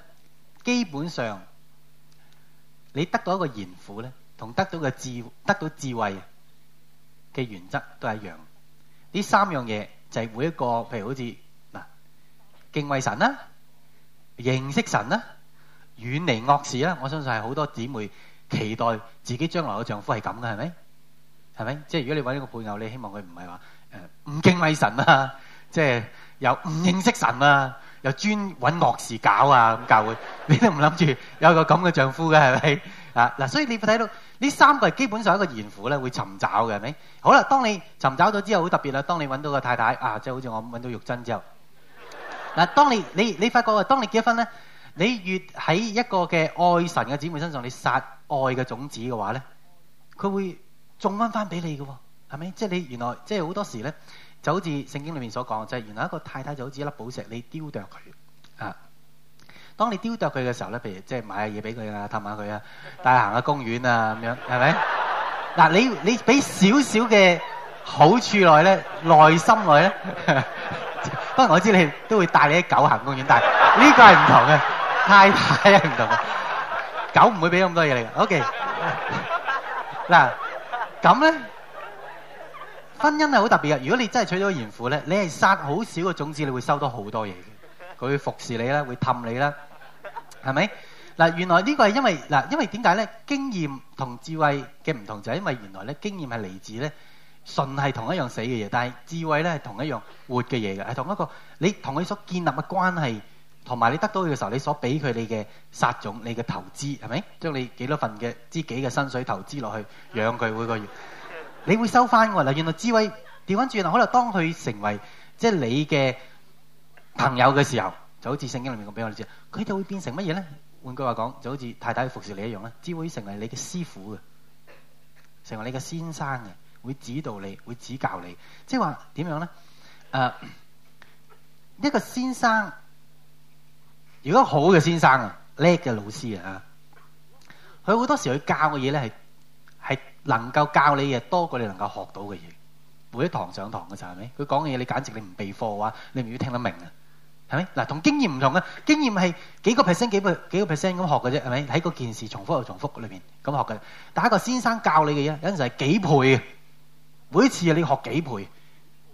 基本上你得到一個賢婦咧，同得到嘅智，得到智慧嘅原則都係一樣。呢三樣嘢就係、是、每一個，譬如，好似嗱，敬畏神啦、啊，認識神啦、啊，遠離惡事啦、啊。我相信係好多姊妹期待自己將來嘅丈夫係咁嘅，係咪？係咪？即係如果你揾一個配偶，你希望佢唔係話誒唔敬畏神啊？即係又唔認識神啊，又專揾樂事搞啊，咁教會你都唔諗住有個咁嘅丈夫嘅係咪啊？嗱，所以你會睇到呢三個係基本上一個賢婦咧會尋找嘅係咪？好啦，當你尋找咗之後，好特別啦。當你揾到個太太啊，即係好似我揾到玉珍之後，嗱、啊，當你你你發覺啊，當你結婚咧，你越喺一個嘅愛神嘅姊妹身上，你撒愛嘅種子嘅話咧，佢會種翻翻俾你嘅喎，係咪？即係你原來即係好多時咧。就好似聖經裏面所講，就係原來一個太太就好似一粒寶石，你雕琢佢啊！當你雕琢佢嘅時候咧，譬如即係買下嘢俾佢啊，探下佢啊，帶佢行下公園啊咁樣，係咪？嗱，你你俾少少嘅好處內咧，內心內咧，當然我知你都會帶你啲狗行公園，但係呢個係唔同嘅，太太係唔同嘅，狗唔會俾咁多嘢你嘅。OK，嗱咁咧。婚姻係好特別嘅，如果你真係娶咗賢婦咧，你係撒好少個種子，你會收到好多嘢嘅。佢服侍你咧，會氹你啦，係咪？嗱，原來呢個係因為嗱，因為點解咧？經驗同智慧嘅唔同就係因為原來咧，經驗係嚟自咧，純係同一樣死嘅嘢，但係智慧咧係同一樣活嘅嘢嘅，係同一個你同佢所建立嘅關係，同埋你得到佢嘅時候，你所俾佢你嘅撒種，你嘅投資，係咪？將你幾多份嘅自己嘅薪水投資落去養佢每個月。你會收翻㗎嗱，原來智慧調翻轉啦，可能當佢成為即係你嘅朋友嘅時候，就好似聖經裏面講俾我哋知，佢就會變成乜嘢咧？換句話講，就好似太太服侍你一樣咧，智慧成為你嘅師傅嘅，成為你嘅先生嘅，會指導你，會指教你，即係話點樣咧？誒、呃，一個先生如果好嘅先生啊，叻嘅老師啊，佢好多時佢教嘅嘢咧係。能夠教你嘢多過你能夠學到嘅嘢。每一堂上堂嘅時候係咪？佢講嘅嘢你簡直你唔備課嘅話，你未必聽得明啊，係咪？嗱，同經驗唔同啊，經驗係幾個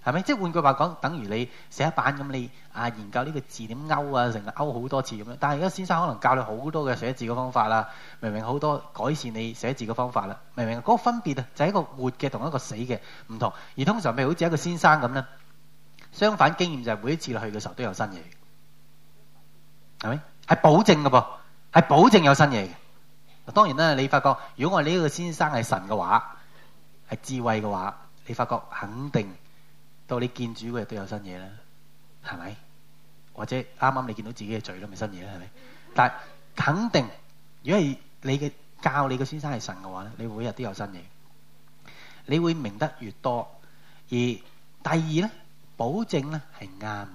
係咪？即係換句話講，等於你寫一版咁，你啊，研究呢個字點勾啊，成日勾好多次咁樣。但係而家先生可能教你好多嘅寫字嘅方法啦，明明？好多改善你寫字嘅方法啦，明明？嗰個分別啊，就係一個活嘅同一個死嘅唔同。而通常咪好似一個先生咁咧，相反經驗就係每一次落去嘅時候都有新嘢，係咪？係保證噶噃，係保證有新嘢嘅。當然啦，你發覺如果我呢個先生係神嘅話，係智慧嘅話，你發覺肯定。到你見主嗰日都有新嘢啦，係咪？或者啱啱你見到自己嘅罪都咪新嘢啦，係咪？但係肯定，如果係你嘅教你嘅先生係神嘅話咧，你每日都有新嘢，你會明得越多。而第二咧，保證咧係啱。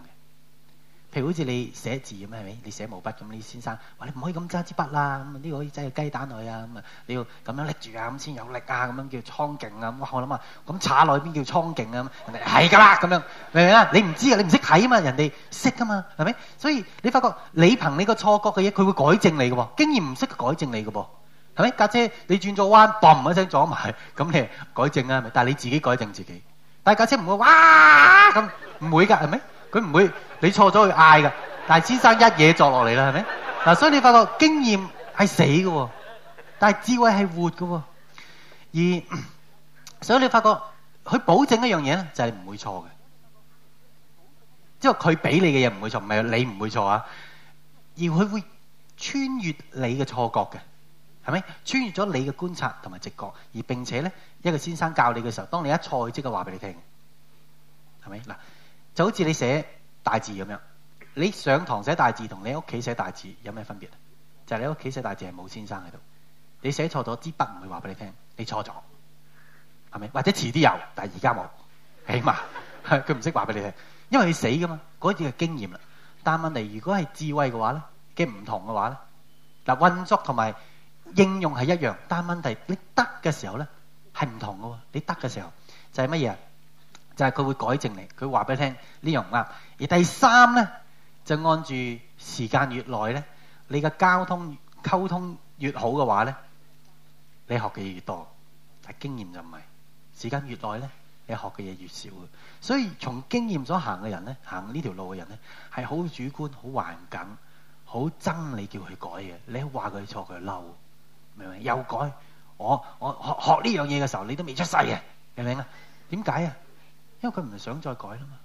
譬如好似你寫字咁係咪？你寫毛筆咁，你先生話你唔可以咁揸支筆啦，咁呢個可以揸隻雞蛋落去啊，咁啊你要咁樣拎住啊，咁先有力啊，咁樣叫蒼勁啊！哇，我諗啊，咁查落去邊叫蒼勁啊？人哋係㗎啦，咁樣明唔明啊？你唔知啊，你唔識睇啊嘛，人哋識㗎嘛，係咪？所以你發覺你憑你個錯覺嘅嘢，佢會改正你嘅喎，經驗唔識改正你嘅噃，係咪？架車你轉咗彎，嘣一聲撞埋，咁你改正啊？係咪？但係你自己改正自己，但係架車唔會哇咁，唔會㗎係咪？佢唔會，你錯咗佢嗌噶，但係先生一嘢作落嚟啦，係咪？嗱， *laughs* 所以你發覺經驗係死嘅喎，但係智慧係活嘅喎，而所以你發覺佢保證一樣嘢咧，就係唔會錯嘅，即係佢俾你嘅嘢唔會錯，唔係你唔會錯啊，而佢會穿越你嘅錯覺嘅，係咪？穿越咗你嘅觀察同埋直覺，而並且咧，一個先生教你嘅時候，當你一錯，佢即刻話俾你聽，係咪？嗱。就好似你寫大字咁樣，你上堂寫大字同你屋企寫大字有咩分別？就係你屋企寫大字係冇先生喺度，你寫錯咗支筆唔會話俾你聽，你錯咗係咪？或者遲啲有，但係而家冇，起碼佢唔識話俾你聽，因為你死噶嘛，嗰啲係經驗啦。但問題如果係智慧嘅話咧，嘅唔同嘅話咧，嗱，運作同埋應用係一樣，但問題你得嘅時候咧係唔同嘅喎，你得嘅時候就係乜嘢？就係佢會改正你，佢話俾你聽呢樣唔啱。而第三咧，就按住時間越耐咧，你嘅交通溝通越好嘅話咧，你學嘅嘢越多。但經驗就唔係，時間越耐咧，你學嘅嘢越少。所以從經驗所行嘅人咧，行呢條路嘅人咧，係好主觀、好硬頸、好憎你叫佢改嘅。你話佢錯，佢嬲，明唔明？又改我，我學學呢樣嘢嘅時候，你都未出世嘅，明唔明啊？點解啊？因為佢唔係想再改啦嘛，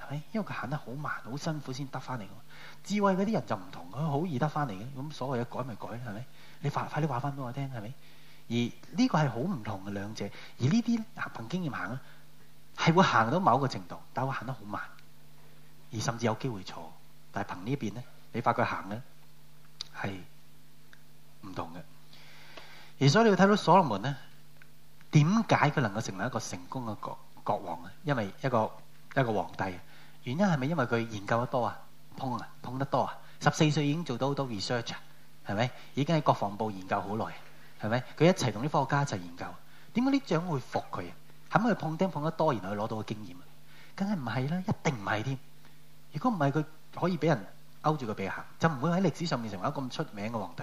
係咪？因為佢行得好慢，好辛苦先得翻嚟㗎嘛。智慧嗰啲人就唔同，佢好易得翻嚟嘅。咁所謂一改咪改啦，係咪？你快快啲話翻俾我聽，係咪？而呢個係好唔同嘅兩者，而這些呢啲嗱憑經驗行啊，係會行到某個程度，但會行得好慢，而甚至有機會錯。但係憑這邊呢邊咧，你發覺行咧係唔同嘅，而所以你要睇到所羅門咧，點解佢能夠成為一個成功嘅國？國王啊，因為一個一個皇帝啊，原因係咪因為佢研究得多啊，碰啊碰得多啊，十四歲已經做到好多 research 啊，係咪已經喺國防部研究好耐啊？係咪佢一齊同啲科學家一齊研究，點解啲獎會服佢啊？係咪佢碰釘碰得多，然後攞到個經驗啊？梗係唔係啦，一定唔係添。如果唔係佢可以俾人勾住個鼻行，就唔會喺歷史上面成為一個咁出名嘅皇帝。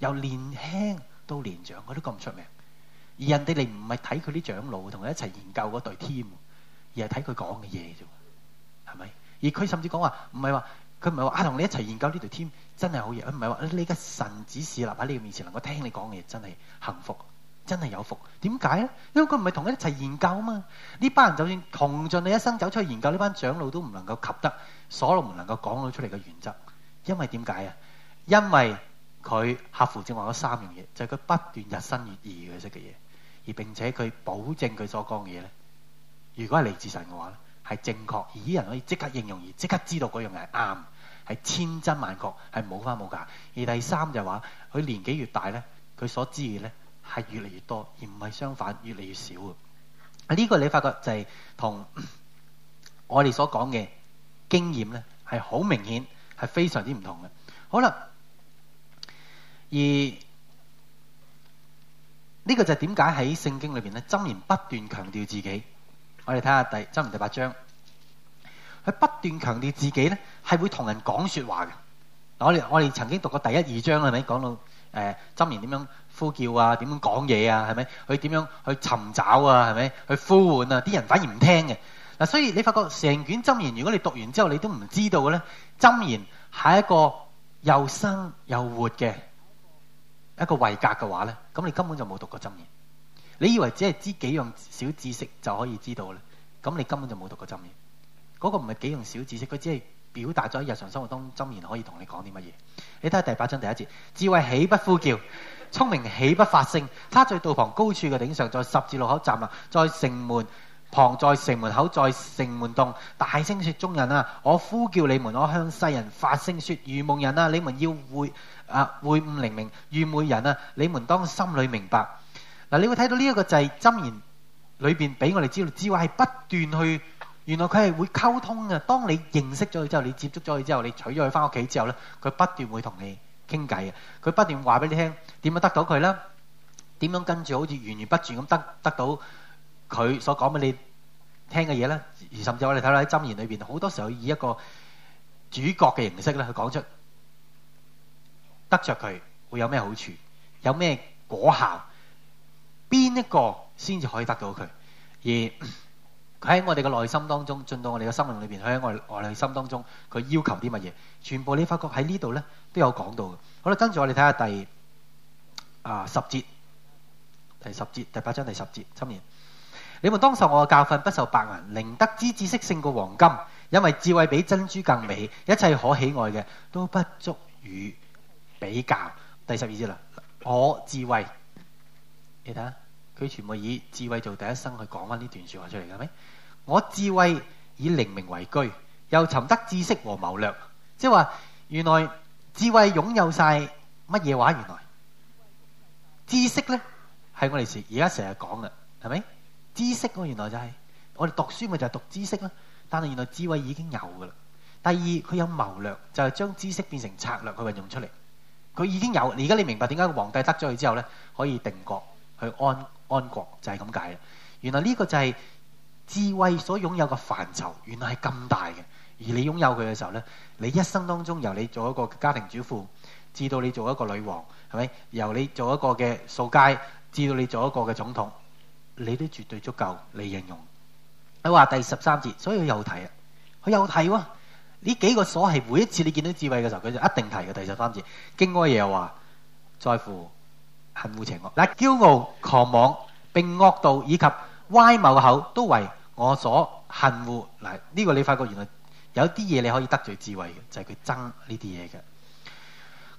由年輕到年長，佢都咁出名。而人哋嚟唔係睇佢啲長老同佢一齊研究嗰對 team，而係睇佢講嘅嘢啫。係咪？而佢甚至講話唔係話佢唔係話啊，同你一齊研究呢對 team 真係好嘢。佢唔係話你個神指示立喺你面前，能夠聽你講嘅嘢真係幸福，真係有福。點解咧？因為佢唔係同一齊研究啊嘛。呢班人就算窮盡你一生走出去研究，呢班長老都唔能夠及得。所羅門能夠講到出嚟嘅原則，因為點解啊？因為佢合乎正話三樣嘢，就係、是、佢不斷日新月異嘅識嘅嘢。而並且佢保證佢所講嘅嘢咧，如果係嚟自神嘅話咧，係正確，而啲人可以即刻應用而即刻知道嗰樣係啱，係千真萬確，係冇花冇假。而第三就話佢年紀越大呢佢所知嘅咧係越嚟越多，而唔係相反越嚟越少。啊！呢個你發覺就係同我哋所講嘅經驗呢係好明顯係非常之唔同嘅。好啦而。呢、這個就係點解喺聖經裏邊咧，箴言不斷強調自己。我哋睇下第箴言第八章，佢不斷強調自己咧，係會同人講説話嘅。我哋我哋曾經讀過第一二章係咪？講到誒箴言點樣呼叫啊，點樣講嘢啊，係咪？佢點樣去尋找啊，係咪？去呼喚啊，啲人反而唔聽嘅。嗱，所以你發覺成卷箴言，如果你讀完之後你都唔知道嘅咧，箴言係一個又生又活嘅一個位格嘅話呢，咁你根本就冇讀過箴言。你以為只係知幾樣小知識就可以知道咧，咁你根本就冇讀過箴言。嗰、那個唔係幾樣小知識，佢只係表達咗喺日常生活當中箴言可以同你講啲乜嘢。你睇下第八章第一節，智慧豈不呼叫，聰明豈不發聲。他在道旁高處嘅頂上，在十字路口站立，在城門旁，在城門口，在城門洞，大聲説：眾人啊，我呼叫你們，我向世人發聲説：愚蒙人啊，你們要會。啊！會悟靈明，願每人啊，你們當心裏明白。嗱，你會睇到呢一個就係，箴言裏邊俾我哋知道，智慧係不斷去。原來佢係會溝通嘅。當你認識咗佢之後，你接觸咗佢之後，你取咗佢翻屋企之後咧，佢不斷會同你傾偈嘅。佢不斷話俾你聽，點樣得到佢啦？點樣跟住好似源源不絕咁得得到佢所講俾你聽嘅嘢咧？而甚至我哋睇到喺箴言裏邊，好多時候以一個主角嘅形式咧去講出。得着佢會有咩好處？有咩果效？邊一個先至可以得到佢？而佢喺我哋嘅內心當中，進到我哋嘅心靈裏邊，佢喺我我內心當中，佢要求啲乜嘢？全部你發覺喺呢度呢，都有講到嘅。好啦，跟住我哋睇下第啊十節，第十節第八章第十節箴言，你們當受我嘅教訓，不受白銀，寧得知，知識勝過黃金，因為智慧比珍珠更美，一切可喜愛嘅都不足與。比較第十二節啦。我智慧，你睇下，佢全部以智慧做第一生去講翻呢段説話出嚟嘅係咪？我智慧以靈明為居，又尋得知識和謀略，即係話原來智慧擁有晒乜嘢？話原來知識咧係我哋而家成日講嘅係咪知識？喎，原來就係我哋讀書咪就係讀知識啦。但係原來智慧已經有㗎啦。第二，佢有謀略，就係、是、將知識變成策略去運用出嚟。佢已經有，而家你明白點解皇帝得咗佢之後呢，可以定國去安安國就係咁解啦。原來呢個就係智慧所擁有嘅範疇，原來係咁大嘅。而你擁有佢嘅時候呢，你一生當中由你做一個家庭主婦，至到你做一個女王，係咪？由你做一個嘅掃街，至到你做一個嘅總統，你都絕對足夠你應用。我話第十三節，所以佢有睇。啊，佢有睇喎。呢幾個所係每一次你見到智慧嘅時候，佢就一定提嘅，第十三節。經阿又話，在乎恨惡邪惡嗱，驕傲狂妄並惡道以及乖謬口都為我所恨惡嗱。呢、這個你發覺原來有啲嘢你可以得罪智慧嘅，就係佢憎呢啲嘢嘅。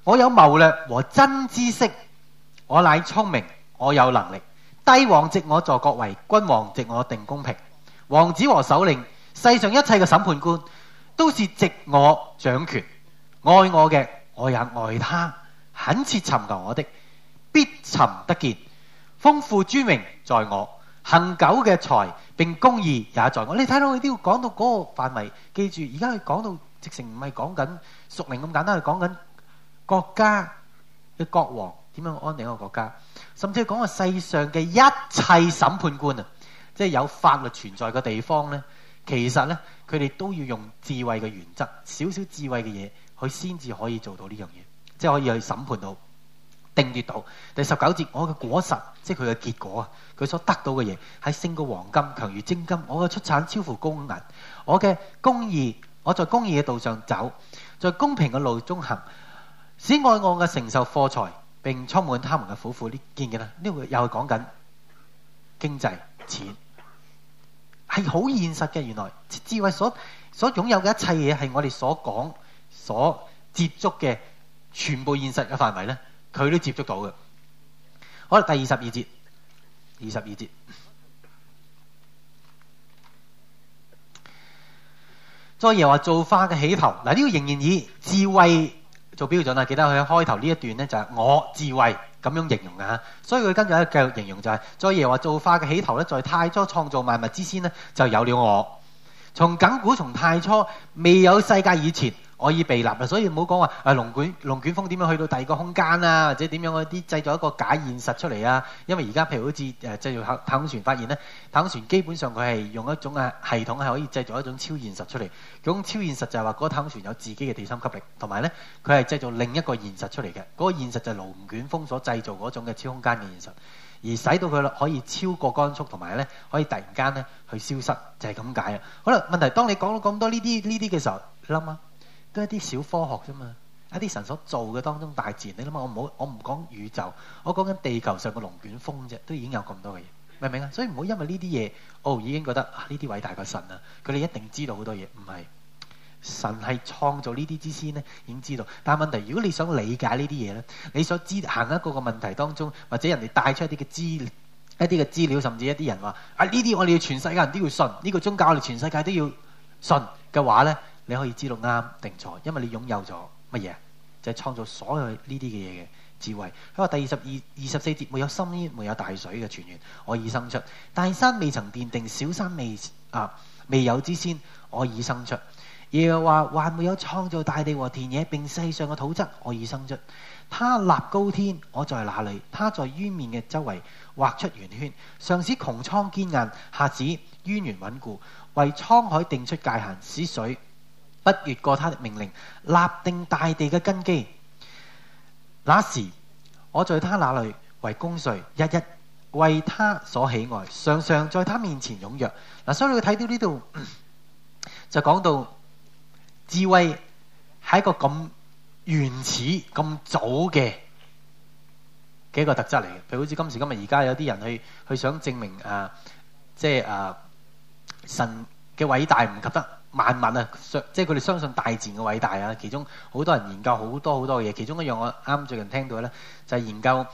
我有謀略和真知識，我乃聰明，我有能力。帝王藉我坐國位，為君王藉我定公平。王子和首領，世上一切嘅審判官。都是藉我掌權，愛我嘅我也愛他，懇切尋求我的，必尋得見。豐富尊榮在我，恆久嘅財並公義也在我。你睇到佢都要講到嗰個範圍，記住而家佢講到直情唔係講緊屬靈咁簡單，係講緊國家嘅國王點樣安定一個國家，甚至講個世上嘅一切審判官啊，即係有法律存在嘅地方呢？其實呢。佢哋都要用智慧嘅原則，少少智慧嘅嘢，佢先至可以做到呢樣嘢，即係可以去審判到、定奪到。第十九節，我嘅果實，即係佢嘅結果啊，佢所得到嘅嘢係勝過黃金，強如精金。我嘅出產超乎工銀，我嘅公義，我在公義嘅道上走，在公平嘅路中行，使愛我嘅承受貨財，並充滿他們嘅府庫。呢見唔見啊？呢個又係講緊經濟錢。係好現實嘅，原來智慧所所擁有嘅一切嘢，係我哋所講所接觸嘅全部現實嘅範圍咧，佢都接觸到嘅。好啦，第二十二節，二十二節，再又話造化嘅起頭嗱，呢、呢個仍然以智慧。做標準啊，記得佢開頭呢一段咧，就係、是、我智慧咁樣形容嘅嚇，所以佢跟住喺繼續形容就係、是、在耶和華話造化嘅起頭咧，在太初創造萬物之先咧，就有了我。從亙古從太初未有世界以前。可以避立啊，所以唔好講話誒龍捲龍捲風點樣去到第二個空間啊，或者點樣啲製造一個假現實出嚟啊？因為而家譬如好似誒製造太空船發現咧，太空船基本上佢係用一種啊系統係可以製造一種超現實出嚟。咁超現實就係話嗰太空船有自己嘅地心吸力，同埋咧佢係製造另一個現實出嚟嘅。嗰、那個現實就係龍捲風所製造嗰種嘅超空間嘅現實，而使到佢可以超過光速，同埋咧可以突然間咧去消失，就係咁解啊。好啦，問題當你講到咁多呢啲呢啲嘅時候，你諗啊？都係一啲小科學啫嘛，一啲神所做嘅當中大自然，你諗下我唔好我唔講宇宙，我講緊地球上嘅龍捲風啫，都已經有咁多嘅嘢，明唔明啊？所以唔好因為呢啲嘢，哦已經覺得啊呢啲偉大嘅神啊，佢哋一定知道好多嘢，唔係神係創造呢啲之先呢，已經知道，但問題如果你想理解呢啲嘢呢，你想知行一個個問題當中，或者人哋帶出一啲嘅資料，一啲嘅資料甚至一啲人話啊呢啲我哋要全世界人都要信呢個宗教，我哋全世界都要信嘅話呢。你可以知道啱定錯，因為你擁有咗乜嘢就係、是、創造所有呢啲嘅嘢嘅智慧。佢話：第二十二二十四節沒有深淵，沒有大水嘅泉源，我已生出；大山未曾奠定，小山未啊未有之先，我已生出。耶和華還沒有創造大地和田野，並世上嘅土質，我已生出。他立高天，我在哪裏，他在淵面嘅周圍畫出圓圈，上使穹蒼堅硬，下使淵源穩固，為滄海定出界限，使水。不越過他的命令，立定大地嘅根基。那時我在他那裏為工師，日日為他所喜愛，常常在他面前踴躍。嗱，所以你會睇到呢度就講到智慧係一個咁原始、咁早嘅嘅一個特質嚟嘅。譬如好似今時今日，而家有啲人去去想證明誒，即係誒神嘅偉大唔及得萬物啊，相即係佢哋相信大自然嘅偉大啊！其中好多人研究好多好多嘅嘢，其中一樣我啱最近聽到嘅咧，就係研究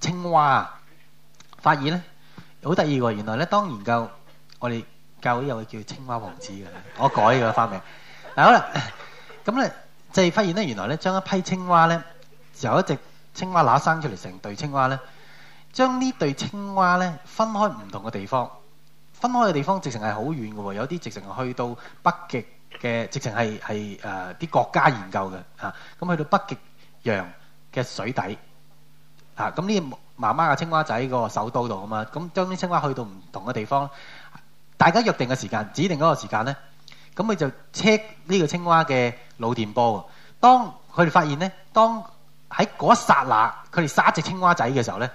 青蛙，發現咧好得意喎！原來咧，當研究我哋教會有個叫青蛙王子嘅，我改個花名。嗱，好啦，咁咧即係發現咧，原來咧將一批青蛙咧由一隻青蛙乸生出嚟成對青蛙咧，將呢對青蛙咧分開唔同嘅地方。分開嘅地方直情係好遠嘅喎，有啲直情去到北極嘅，直情係係誒啲國家研究嘅嚇。咁、啊、去到北極洋嘅水底嚇，咁呢媽媽嘅青蛙仔個首都度啊嘛。咁將啲青蛙去到唔同嘅地方，大家約定嘅時間，指定嗰個時間咧，咁佢就 check 呢個青蛙嘅腦電波。啊、當佢哋發現咧，當喺嗰一剎那，佢哋殺隻青蛙仔嘅時候咧。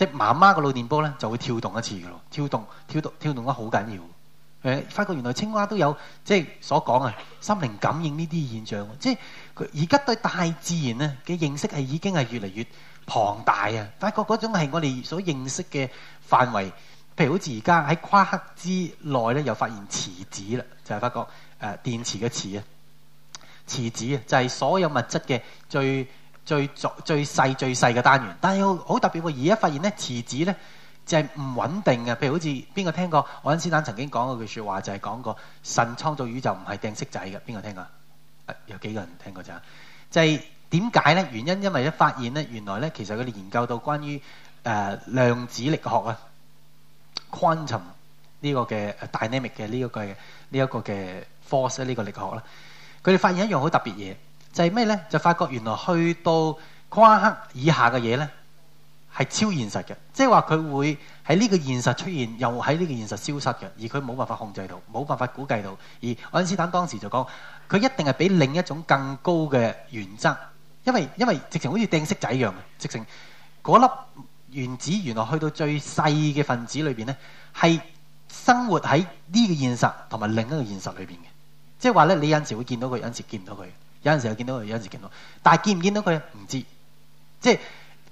即係媽媽個腦電波咧，就會跳動一次嘅咯，跳動、跳動、跳動得好緊要。誒，發覺原來青蛙都有即係所講啊，心靈感應呢啲現象。即係而家對大自然咧嘅認識係已經係越嚟越龐大啊！發覺嗰種係我哋所認識嘅範圍，譬如好似而家喺夸克之內咧，又發現池子啦，就係、是、發覺誒電池嘅池啊池子啊，就係所有物質嘅最。最最細最細嘅單元，但係好特別喎！而家發現咧，恆子咧就係唔穩定嘅。譬如好似邊個聽過？愛因斯坦曾經講過句說話，就係講過神創造宇宙唔係掟色仔嘅。邊個聽過、啊？有幾個人聽過咋？就係點解咧？原因因為一發現咧，原來咧其實佢哋研究到關於、呃、量子力學啊，Quantum 呢個嘅 Dynamic 嘅呢一個嘅呢一個嘅 force 呢個力學啦，佢哋發現一樣好特別嘢。就係咩咧？就發覺原來去到夸克以下嘅嘢咧，係超現實嘅。即係話佢會喺呢個現實出現，又喺呢個現實消失嘅，而佢冇辦法控制到，冇辦法估計到。而愛因斯坦當時就講，佢一定係俾另一種更高嘅原則，因為因為直情好似掟骰仔一樣嘅，直情嗰粒原子原來去到最細嘅分子裏邊咧，係生活喺呢個現實同埋另一個現實裏邊嘅。即係話咧，你有陣時會見到佢，有陣時見唔到佢。有陣時又見到佢，有陣時見到，但係見唔見到佢唔知，即係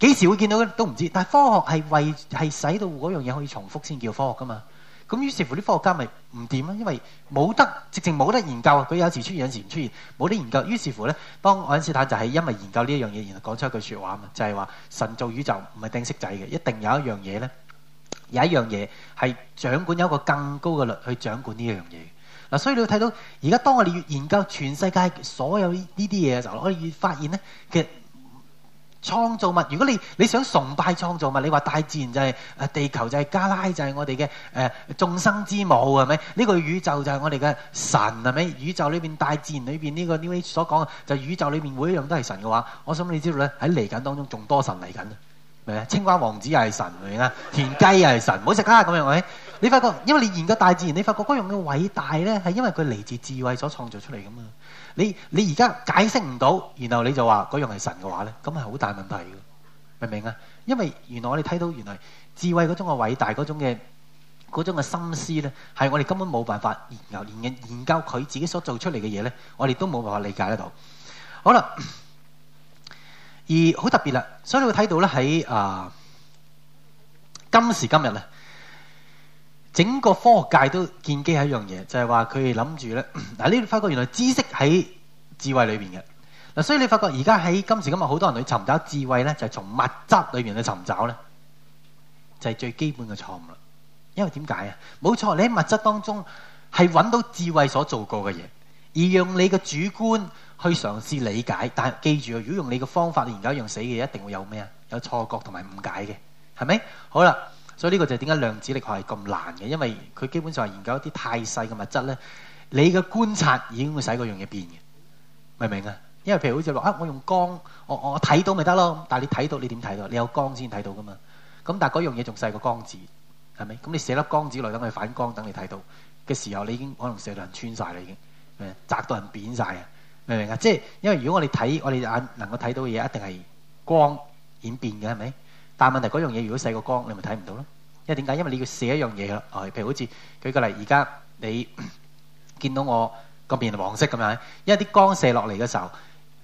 幾時會見到佢都唔知。但係科學係為係使到嗰樣嘢可以重複先叫科學噶嘛？咁於是乎啲科學家咪唔掂啦，因為冇得直情冇得研究，佢有時出現有時唔出現，冇得研究。於是乎咧，當愛因斯坦就係因為研究呢一樣嘢，然後講出一句説話嘛，就係話神造宇宙唔係定式仔嘅，一定有一樣嘢咧，有一樣嘢係掌管有一個更高嘅律去掌管呢一樣嘢。所以你睇到而家當我哋越研究全世界所有呢啲嘢嘅時候，我哋越發現其實創造物，如果你你想崇拜創造物，你話大自然就係地球就係、是、加拉就係、是、我哋嘅誒眾生之母係咪？呢、這個宇宙就係我哋嘅神係咪？宇宙裏面，大自然裏面呢、這個 New Age 所講的就是、宇宙裏面每一樣都係神嘅話，我想你知道在喺嚟緊當中仲多神嚟緊。青蛙王子又係神明啊，田雞又係神，唔好食啦咁樣，喂！你發覺，因為你研究大自然，你發覺嗰樣嘅偉大咧，係因為佢嚟自智慧所創造出嚟噶嘛？你你而家解釋唔到，然後你就說那種是神的話嗰樣係神嘅話咧，咁係好大問題嘅，明唔明啊？因為原來我哋睇到原來智慧嗰種嘅偉大嗰種嘅嗰種嘅心思咧，係我哋根本冇辦法研究連研究研究佢自己所做出嚟嘅嘢咧，我哋都冇辦法理解得到。好啦。而好特別啦，所以你會睇到咧，喺啊今時今日咧，整個科學界都建基係一樣嘢，就係話佢諗住咧嗱，呢、呃、度發覺原來知識喺智慧裏邊嘅嗱，所以你發覺而家喺今時今日好多人去尋找智慧咧，就係、是、從物質裏邊去尋找咧，就係、是、最基本嘅錯誤啦。因為點解啊？冇錯，你喺物質當中係揾到智慧所做過嘅嘢。而用你嘅主觀去嘗試理解，但係記住啊！如果用你嘅方法去研究一樣死嘅，一定會有咩啊？有錯覺同埋誤解嘅，係咪？好啦，所以呢個就係點解量子力學係咁難嘅，因為佢基本上係研究一啲太細嘅物質咧。你嘅觀察已經會使嗰樣嘢變嘅，明唔明啊？因為譬如好似話啊，我用光，我我睇到咪得咯。但係你睇到你點睇到？你有光先睇到㗎嘛？咁但係嗰樣嘢仲細過光子，係咪？咁你射粒光子落去等佢反光等你睇到嘅時候，你已經可能射到人穿曬啦，已經。砸到人扁晒，啊！明唔明啊？即係因為如果我哋睇我哋眼能夠睇到嘅嘢，一定係光演變嘅，係咪？但係問題嗰樣嘢如果細過光，你咪睇唔到咯。因為點解？因為你要射一樣嘢譬如好似舉個例，而家你 *coughs* 見到我個面黃色咁樣，因為啲光射落嚟嘅時候，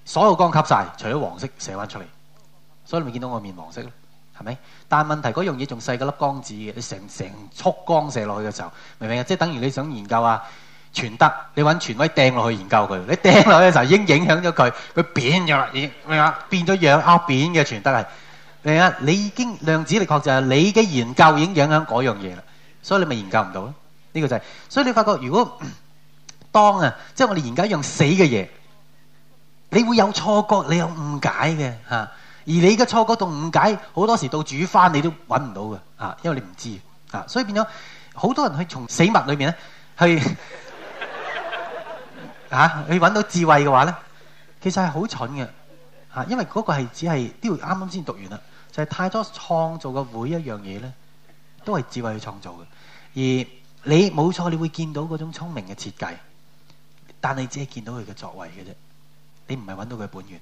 所有光吸晒，除咗黃色射翻出嚟，所以你咪見到我的面黃色咯，係咪？但係問題嗰樣嘢仲細過粒光子嘅，你成成束光射落去嘅時候，明唔明啊？即係等於你想研究啊！傳德，你搵傳威掟落去研究佢，你掟落去嘅時候已經影響咗佢，佢扁咗啦，變變咗樣，拗扁嘅全德係，你啊，你已經量子力學就係你嘅研究已經影響響嗰樣嘢啦，所以你咪研究唔到咯，呢個就係，所以你發覺如果當啊，即係我哋研究一樣死嘅嘢，你會有錯覺，你有誤解嘅吓，而你嘅錯覺同誤解好多時候到煮翻你都揾唔到嘅吓，因為你唔知啊，所以變咗好多人去從死物裏面咧去。 *laughs* 啊！你揾到智慧嘅話咧，其實係好蠢嘅嚇、啊，因為嗰個係只係呢度啱啱先讀完啦，就係、是、太多創造嘅每一樣嘢咧，都係智慧去創造嘅。而你冇錯，你會見到嗰種聰明嘅設計，但你只係見到佢嘅作為嘅啫，你唔係揾到佢本源。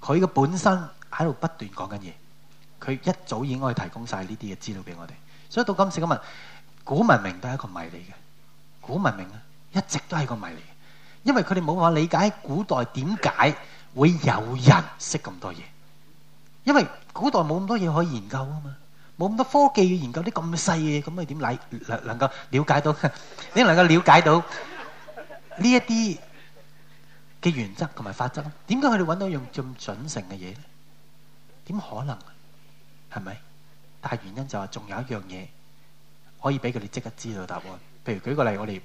佢嘅本身喺度不斷講緊嘢，佢一早已經可以提供晒呢啲嘅資料俾我哋。所以到今時今日，古文明都係一個謎嚟嘅古文明啊，一直都係一個謎嚟。因為佢哋冇話理解古代點解會有人識咁多嘢，因為古代冇咁多嘢可以研究啊嘛，冇咁多科技要研究啲咁細嘅嘢，咁你點嚟能能夠了解到，你能夠了解到呢一啲嘅原則同埋法則咯？點解佢哋揾到一樣咁準成嘅嘢咧？點可能？係咪？但係原因就係仲有一樣嘢可以俾佢哋即刻知道答案。譬如舉個例，我哋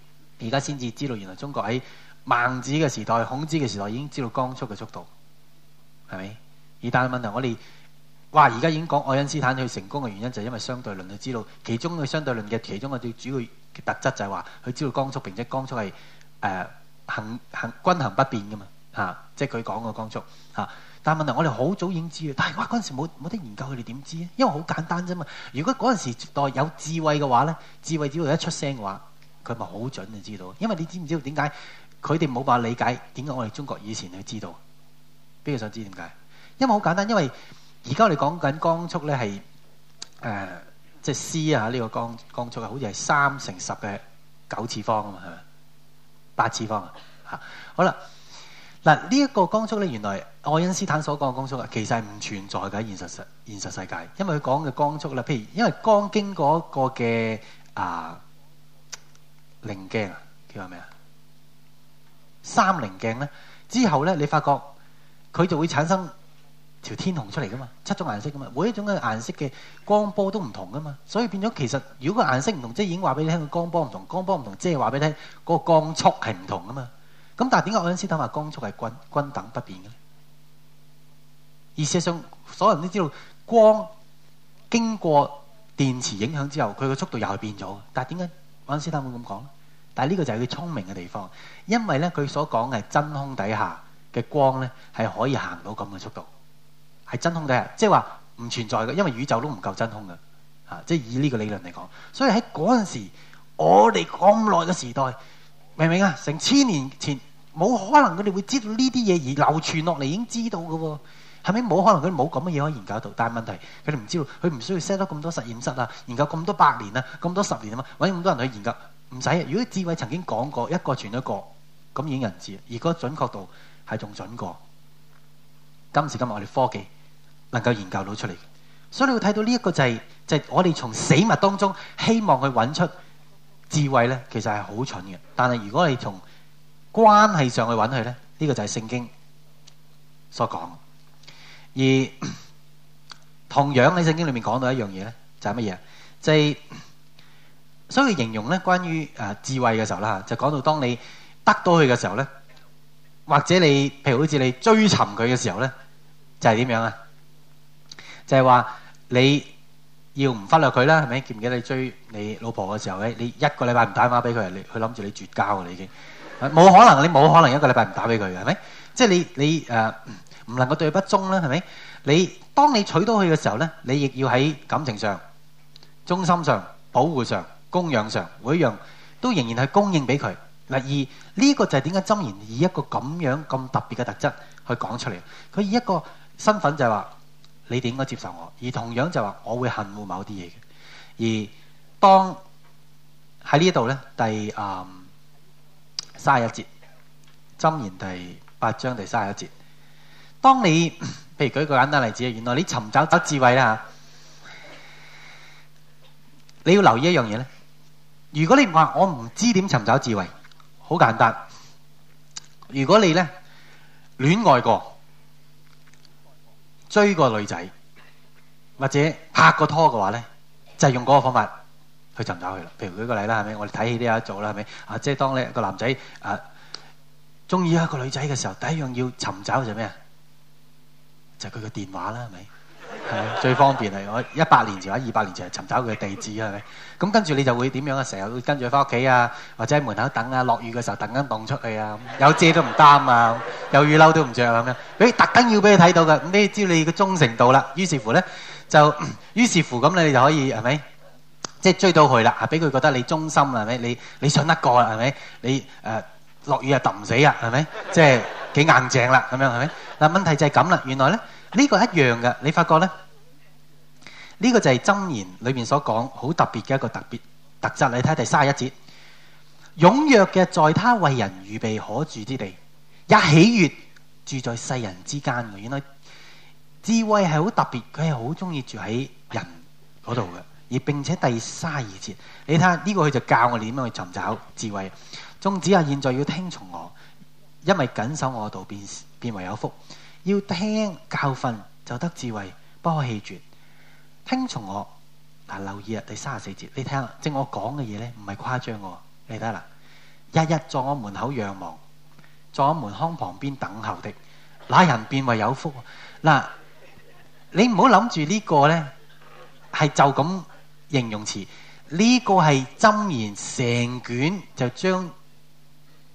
而家先至知道原來中國喺。孟子嘅時代，孔子嘅時代已經知道光速嘅速度，係咪？而但係問題我們，我哋哇，而家已經講愛因斯坦佢成功嘅原因就係、是、因為相對論佢知道其中嘅相對論嘅其中嘅最主要嘅特質就係話佢知道光速，並且光速係誒恆恆均衡不變嘅嘛嚇，即係佢講嘅光速嚇、啊。但係問題，我哋好早已經知道，但係哇嗰陣時冇冇得研究，佢哋點知啊？因為好簡單啫嘛。如果嗰陣時代有智慧嘅話咧，智慧只要一出聲嘅話，佢咪好準就知道。因為你知唔知道點解？佢哋冇辦法理解點解我哋中國以前佢知道，邊個想知點解？因為好簡單，因為而家我哋講緊光速咧係誒，即、呃、係、就是、C 啊呢個光光速啊，好似係三乘十嘅九次方啊嘛，係咪？八次方啊嚇！好啦，嗱呢一個光速咧，原來愛因斯坦所講嘅光速啊，其實係唔存在嘅現實世現實世界，因為佢講嘅光速啦，譬如因為光經過一個嘅啊棱鏡啊，叫做咩啊？三棱鏡咧，之後咧，你發覺佢就會產生條天虹出嚟噶嘛，七種顏色噶嘛，每一種嘅顏色嘅光波都唔同噶嘛，所以變咗其實如果個顏色唔同，即係已經話俾你聽個光波唔同，光波唔同即係話俾你聽嗰個光速係唔同噶嘛。咁但係點解愛因斯坦話光速係均均等不變嘅咧？而事實上，所有人都知道光經過電池影響之後，佢嘅速度又係變咗。但係點解愛因斯坦會咁講咧？但係呢個就係佢聰明嘅地方，因為咧佢所講嘅真空底下嘅光咧係可以行到咁嘅速度，係真空底下，即係話唔存在嘅，因為宇宙都唔夠真空嘅，嚇，即係以呢個理論嚟講。所以喺嗰陣時，我哋咁耐嘅時代，明唔明啊？成千年前冇可能佢哋會知道呢啲嘢而流傳落嚟已經知道㗎喎，係咪冇可能佢冇咁嘅嘢可以研究到？但係問題佢哋唔知道，佢唔需要 set 得咁多實驗室啊，研究咁多百年啊，咁多十年啊嘛，揾咁多人去研究。唔使，如果智慧曾經講過一個傳一個，咁已經人知。如果準確度係仲準過今時今日我哋科技能夠研究到出嚟。所以你會睇到呢一個就係，就係我哋從死物當中希望去揾出智慧咧，其實係好蠢嘅。但係如果你從關係上去揾去咧，呢個就係聖經所講。而同樣喺聖經裏面講到一樣嘢咧，就係乜嘢？就係。所以形容咧，關於智慧嘅時候啦，就講到當你得到佢嘅時候咧，或者你，譬如，好似你追尋佢嘅時候咧，就係點樣啊？就係話，你要唔忽略佢啦，係咪？供養上每樣都仍然係供應俾佢嗱，而呢個就係點解箴言以一個咁樣咁特別嘅特質去講出嚟，佢以一個身份就係話你哋應該接受我，而同樣就係話我會恨惡某啲嘢嘅，而當喺呢度咧第誒卅一節，箴言第八章第卅一節，當你譬如舉個簡單例子，原來你尋找找智慧啦吓，你要留意一樣嘢咧。如果你唔話，我唔知點尋找智慧，好簡單。如果你咧戀愛過、追過女仔或者拍過拖嘅話咧，就係用嗰個方法去尋找佢啦。譬如舉個例啦，係咪？我哋睇戲都有做啦，係咪？啊，即係當你個男仔啊中意一個女仔嘅時候，第一樣要尋找就係咩啊？就係佢嘅電話啦，係咪？最方便係我一百年前或者二百年前尋找佢嘅地址，係咪？咁跟住你就會點樣啊？成日會跟住佢翻屋企啊，或者喺門口等啊，落雨嘅時候等緊棟出去啊，有遮都唔擔啊，有雨褸都唔著咁樣。誒，特登要俾佢睇到㗎，咁你知你嘅忠誠度啦。於是乎咧，就於是乎咁，你就可以係咪即係追到佢啦？啊，俾佢覺得你忠心，係咪？你你信得過啦，係咪？你誒落雨啊揼唔死啊，係咪？即係幾硬淨啦咁樣，係咪？嗱，問題就係咁啦，原來咧。呢、這個一樣嘅，你發覺呢？呢、這個就係真言裏面所講好特別嘅一個特別特質。你睇第三十一節，勇躍嘅在他為人預備可住之地，一喜悦住在世人之間原來智慧係好特別，佢係好中意住喺人嗰度嘅。而並且第三十二節，你睇下呢個佢就教我哋點樣去尋找智慧。宗旨啊，現在要聽從我，因為謹守我度變變為有福。要聽教訓就得智慧，不可棄絕。聽從我，嗱，留意啊，第三十四節，你睇下，即係我講嘅嘢咧，唔係誇張嘅，你睇啦，日日在我門口仰望，在我門框旁邊等候的，那人變為有福。嗱、這個，你唔好諗住呢個咧，係就咁形容詞，呢、這個係箴言，成卷就將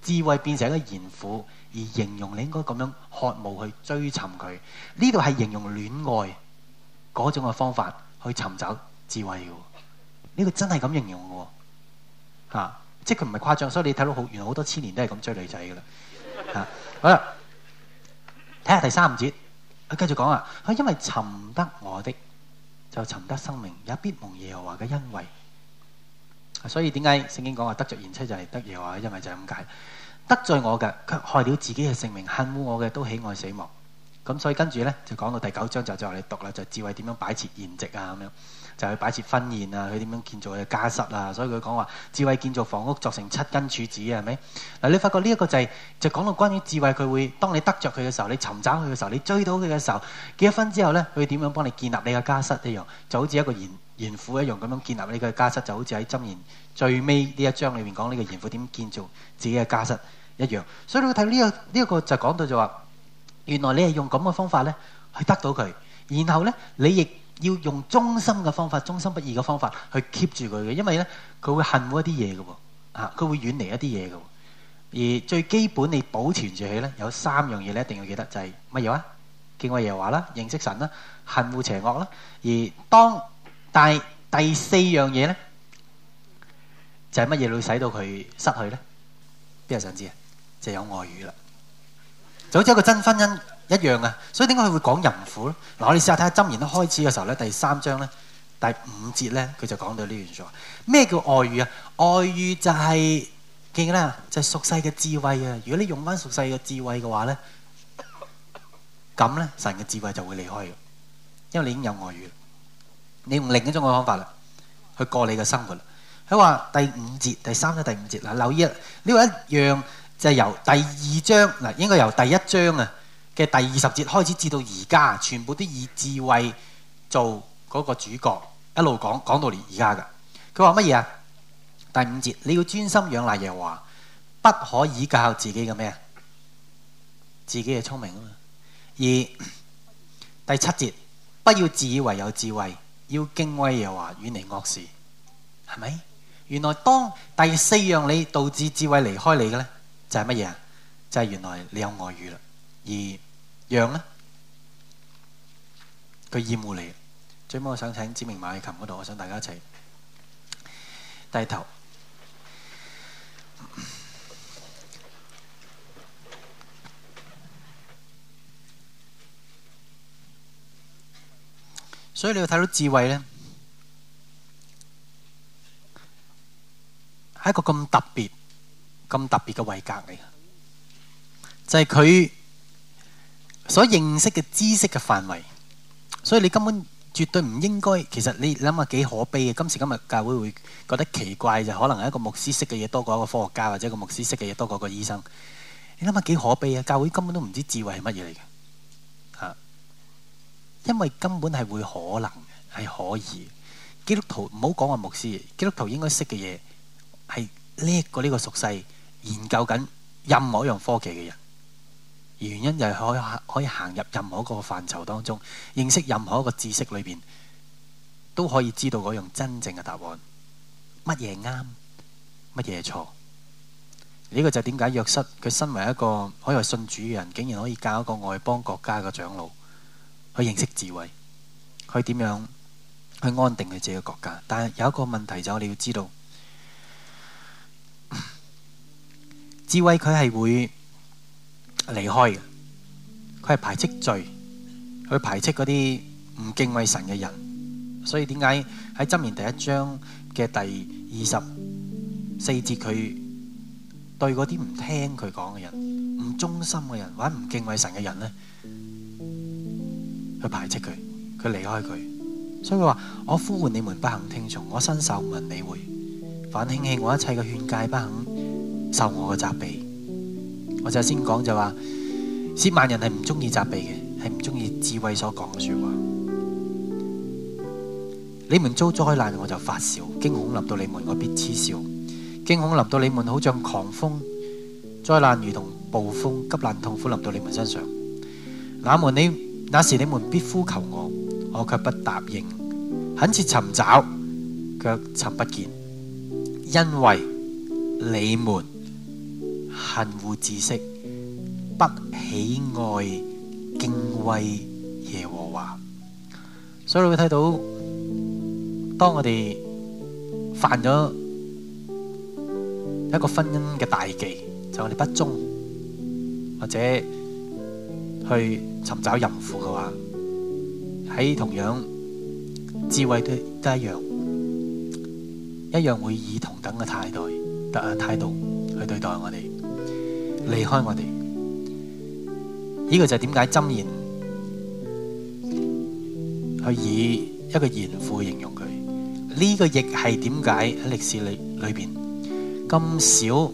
智慧變成一個嚴父。而形容你應該咁樣渴慕去追尋佢，呢度係形容戀愛嗰種嘅方法去尋找智慧喎。呢個真係咁形容嘅喎，即係佢唔係誇張，所以你睇到好，原來好多千年都係咁追女仔嘅啦。嚇，好啦，睇下第三節，佢繼續講啊，佢因為尋得我的，就尋得生命，也必蒙耶和華嘅恩惠。所以點解聖經講話得著賢妻就係得耶和華恩惠就係咁解。得罪我嘅，卻害了自己嘅性命；恨污我嘅，都喜愛死亡。咁所以跟住呢，就講到第九章，就再話你讀啦。就是、智慧點樣擺設筵席啊？咁樣就去擺設婚宴啊？佢點樣建造佢嘅家室啊？所以佢講話智慧建造房屋，做成七根柱子，啊，係咪？嗱，你發覺呢一個就係、是、就講到關於智慧，佢會當你得着佢嘅時候，你尋找佢嘅時，時候，你追到佢嘅時候，結咗婚之後呢，佢點樣幫你建立你嘅家室一,一樣，就好似一個賢賢婦一樣咁樣建立你嘅家室，就好似喺《箴言》最尾呢一章裏面講呢個賢婦點建造自己嘅家室。一樣，所以你會睇到呢個呢一個就講到就話、是，原來你係用咁嘅方法咧去得到佢，然後咧你亦要用忠心嘅方法、忠心不二嘅方法去 keep 住佢嘅，因為咧佢會恨惡一啲嘢嘅，啊佢會遠離一啲嘢嘅，而最基本你保存住起咧有三樣嘢你一定要記得就係乜嘢啊？敬畏耶和華啦，認識神啦，恨惡邪惡啦，而當第第四樣嘢咧就係乜嘢會使到佢失去咧？邊個想知啊？就是、有外遇啦，就好似一個真婚姻一樣啊，所以點解佢會講淫婦咧？嗱，我哋試下睇下《箴言》開始嘅時候咧，第三章咧，第五節咧，佢就講到呢樣說話。咩叫外遇啊？外遇就係、是、記唔記啦？就是、俗世嘅智慧啊！如果你用翻俗世嘅智慧嘅話咧，咁咧神嘅智慧就會離開嘅，因為你已經有外遇，你用另一種嘅方法啦，去過你嘅生活啦。佢話第五節第三個第五節嗱，留意啦，呢個一樣。就是、由第二章嗱，應該由第一章啊嘅第二十節開始，至到而家，全部都以智慧做嗰個主角，一路講講到而家噶。佢話乜嘢啊？第五節你要專心仰賴耶華，不可以靠自己嘅咩？自己嘅聰明啊嘛。而第七節不要自以為有智慧，要敬畏耶華，遠離惡事，係咪？原來當第四樣你導致智慧離開你嘅呢？就係乜嘢啊？就係原來你有外遇啦，而樣咧，佢厭惡你。最尾我想請知名馬戲琴嗰度，我想大家一齊低頭。所以你要睇到智慧咧，係一個咁特別。咁特別嘅位格嚟，就係佢所認識嘅知識嘅範圍，所以你根本絕對唔應該。其實你諗下幾可悲啊！今時今日教會會覺得奇怪就可能係一個牧師識嘅嘢多過一個科學家，或者一個牧師識嘅嘢多過一個醫生。你諗下幾可悲啊！教會根本都唔知智慧係乜嘢嚟嘅嚇，因為根本係會可能係可以基督徒唔好講話牧師，基督徒應該識嘅嘢係叻過呢個屬世研究緊任何一樣科技嘅人，原因就係可可以行入任何一個範疇當中，認識任何一個知識裏邊，都可以知道嗰樣真正嘅答案。乜嘢啱，乜嘢錯？呢、這個就點解約瑟？佢身為一個可以信主嘅人，竟然可以教一個外邦國家嘅長老去認識智慧，去點樣去安定佢自己嘅國家？但係有一個問題就係你要知道。智慧佢係會離開嘅，佢係排斥罪，佢排斥嗰啲唔敬畏神嘅人，所以點解喺箴言第一章嘅第二十四節佢對嗰啲唔聽佢講嘅人、唔忠心嘅人、或者唔敬畏神嘅人咧，去排斥佢，佢離開佢，所以佢話：我呼喚你們不肯聽從，我伸手無人理會，反輕棄我一切嘅勸誡，不肯。受我嘅責備，我就先講就話，褻慢人係唔中意責備嘅，係唔中意智慧所講嘅說的話。你們遭災難，我就發笑；驚恐臨到你們，我必嗤笑。驚恐臨到你們，好像狂風；災難如同暴風，急難痛苦臨到你們身上。那時你們必呼求我，我卻不答應；懇切尋找，卻尋不見，因為你們。恨惡知識，不喜愛敬畏耶和華。所以你會睇到，當我哋犯咗一個婚姻嘅大忌，就我哋不忠或者去尋找淫婦嘅話，喺同樣智慧都都一樣，一樣會以同等嘅態度、特嘅態度去對待我哋。離開我哋，呢、這個就係點解箴言，去以一個賢婦形容佢？呢、這個亦係點解喺歷史裏裏邊咁少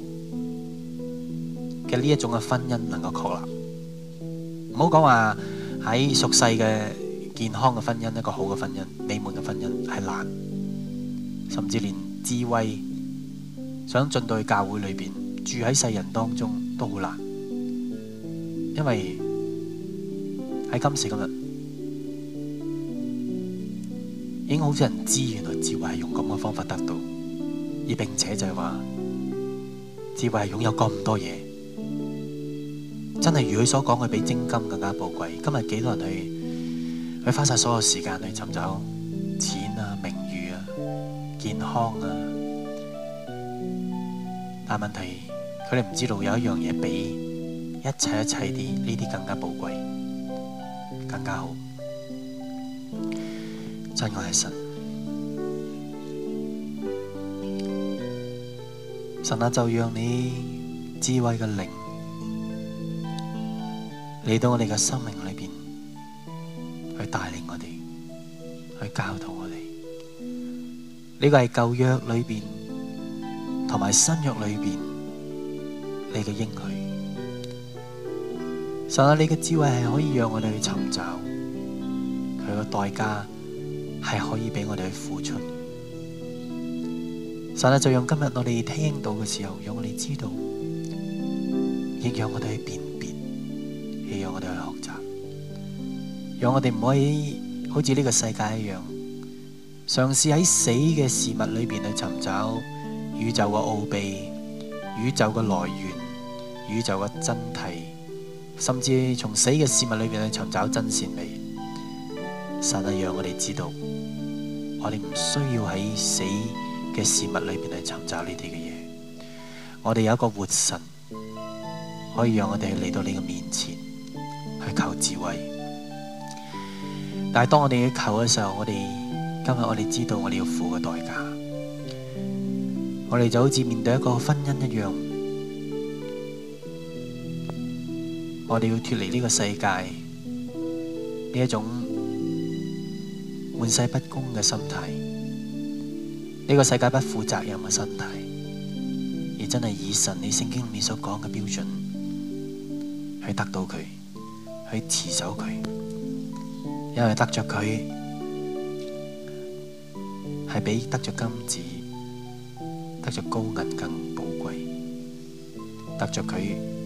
嘅呢一種嘅婚姻能夠確立？唔好講話喺俗世嘅健康嘅婚姻，一個好嘅婚姻、美滿嘅婚姻係難，甚至連智慧想進到去教會裏邊住喺世人當中。都好難，因為喺今時今日已經好少人知，原來智慧係用咁嘅方法得到，而並且就係話智慧係擁有咁多嘢，真係如佢所講，佢比精金更加寶貴。今日幾多人去去花晒所有時間去尋找錢啊、名譽啊、健康啊，但問題。佢哋唔知道有一樣嘢比一切一切啲呢啲更加寶貴、更加好，真愛係神，神啊就讓你智慧嘅靈嚟到我哋嘅生命裏邊，去帶領我哋，去教導我哋。呢個係舊約裏邊同埋新約裏邊。你嘅英女，神啊！你嘅智慧係可以讓我哋去尋找，佢嘅代價係可以俾我哋去付出。神啊！就用今日我哋聽到嘅時候，讓我哋知道，亦讓我哋去辨別，亦讓我哋去學習，讓我哋唔可以好似呢個世界一樣，嘗試喺死嘅事物裏邊去尋找宇宙嘅奧秘、宇宙嘅來源。宇宙嘅真諦，甚至從死嘅事物裏邊去尋找真善美，神啊，讓我哋知道，我哋唔需要喺死嘅事物裏邊去尋找呢啲嘅嘢。我哋有一個活神，可以讓我哋嚟到你嘅面前去求智慧。但係當我哋去求嘅時候，我哋今日我哋知道我哋要付嘅代價。我哋就好似面對一個婚姻一樣。我哋要脫離呢個世界呢一種玩世不恭嘅心態，呢、這個世界不負責任嘅心態，而真係以神你聖經裡面所講嘅標準去得到佢，去持守佢，因為得着佢係比得着金子、得着高銀更寶貴，得着佢。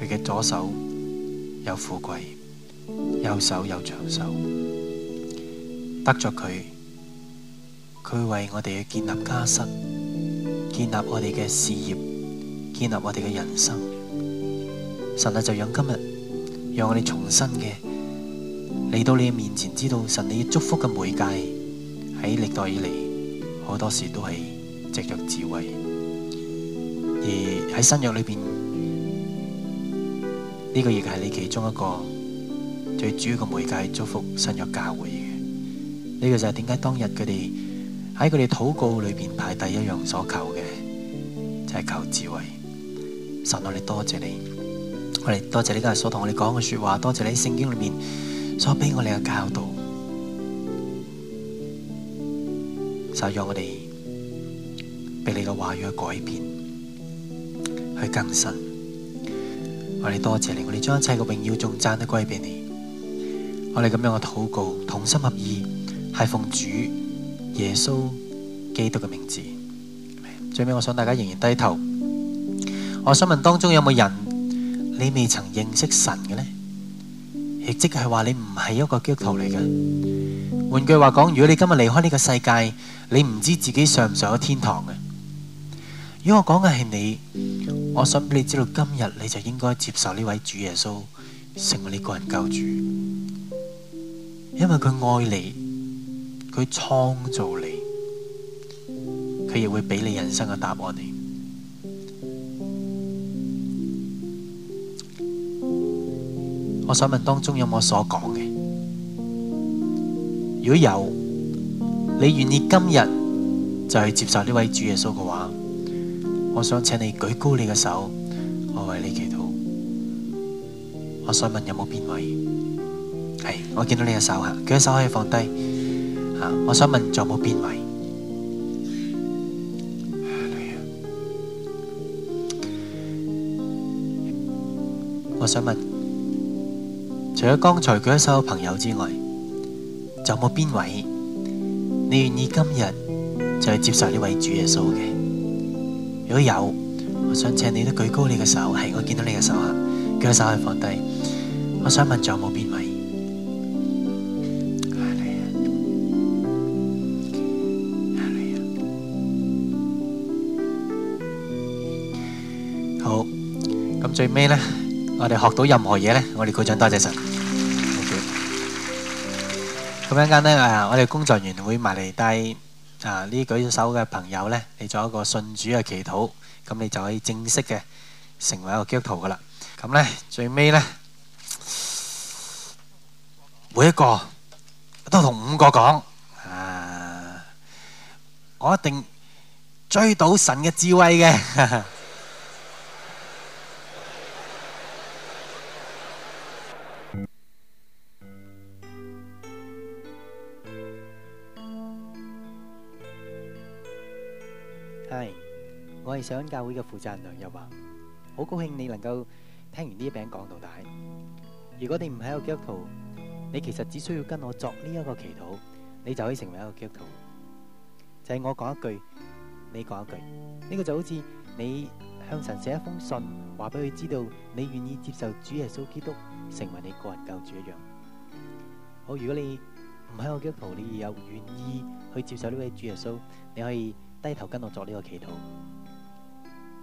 佢嘅左手有富貴，右手有長壽，得咗佢，佢為我哋建立家室，建立我哋嘅事業，建立我哋嘅人生。神啊，就讓今日，讓我哋重新嘅嚟到你嘅面前，知道神你要祝福嘅媒介喺歷代以嚟好多時都係藉着智慧，而喺新約裏邊。呢、這個亦係你其中一個最主要嘅媒介，祝福新約教會嘅。呢、這個就係點解當日佢哋喺佢哋禱告裏邊排第一樣所求嘅，就係、是、求智慧。神，我哋多謝你，我哋多謝你今日所同我哋講嘅說話，多謝你喺聖經裏面所俾我哋嘅教導，神讓我哋俾你嘅話語去改變，去更新。我哋多謝你，我哋將一切嘅榮耀、頌讚都歸俾你。我哋咁樣嘅禱告，同心合意，係奉主耶穌基督嘅名字。最尾，我想大家仍然低頭。我想問當中有冇人你未曾認識神嘅呢？亦即係話你唔係一個基督徒嚟嘅。換句話講，如果你今日離開呢個世界，你唔知自己上唔上咗天堂嘅。如果我講嘅係你。我想俾你知道，今日你就應該接受呢位主耶穌，成為你個人救主。因為佢愛你，佢創造你，佢亦會俾你人生嘅答案。你，我想問當中有冇所講嘅？如果有，你願意今日就去接受呢位主耶穌嘅話？我想請你舉高你嘅手，我為你祈禱。我想問有冇邊位？係，我見到你嘅手吓，舉手可以放低吓。我想問仲有冇邊位？我想問，除咗剛才舉手嘅朋友之外，仲有冇邊位你願意今日就係接受呢位主耶穌嘅？如果有，我想請你都舉高你嘅手，係，我見到你嘅手啊！舉高手可以放低。我想問，仲有冇邊位？好，咁最尾咧，我哋學到任何嘢咧，我哋鼓掌多謝神。咁一陣間咧，誒，我哋工作員會埋嚟帶。啊！呢舉手嘅朋友呢，你做一個信主嘅祈禱，咁你就可以正式嘅成為一個基督徒㗎喇。咁呢，最尾呢，每一個都同五個講：啊，我一定追到神嘅智慧嘅。哈哈我係上恩教會嘅負責人梁又話：好高興你能夠聽完呢一餅講到大。如果你唔喺個基督徒，你其實只需要跟我作呢一個祈禱，你就可以成為一個基督徒。就係我講一句，你講一句，呢個就好似你向神寫一封信，話俾佢知道你願意接受主耶穌基督成為你個人救主一樣。好，如果你唔喺個基督徒，你有願意去接受呢位主耶穌，你可以低頭跟我作呢個祈禱。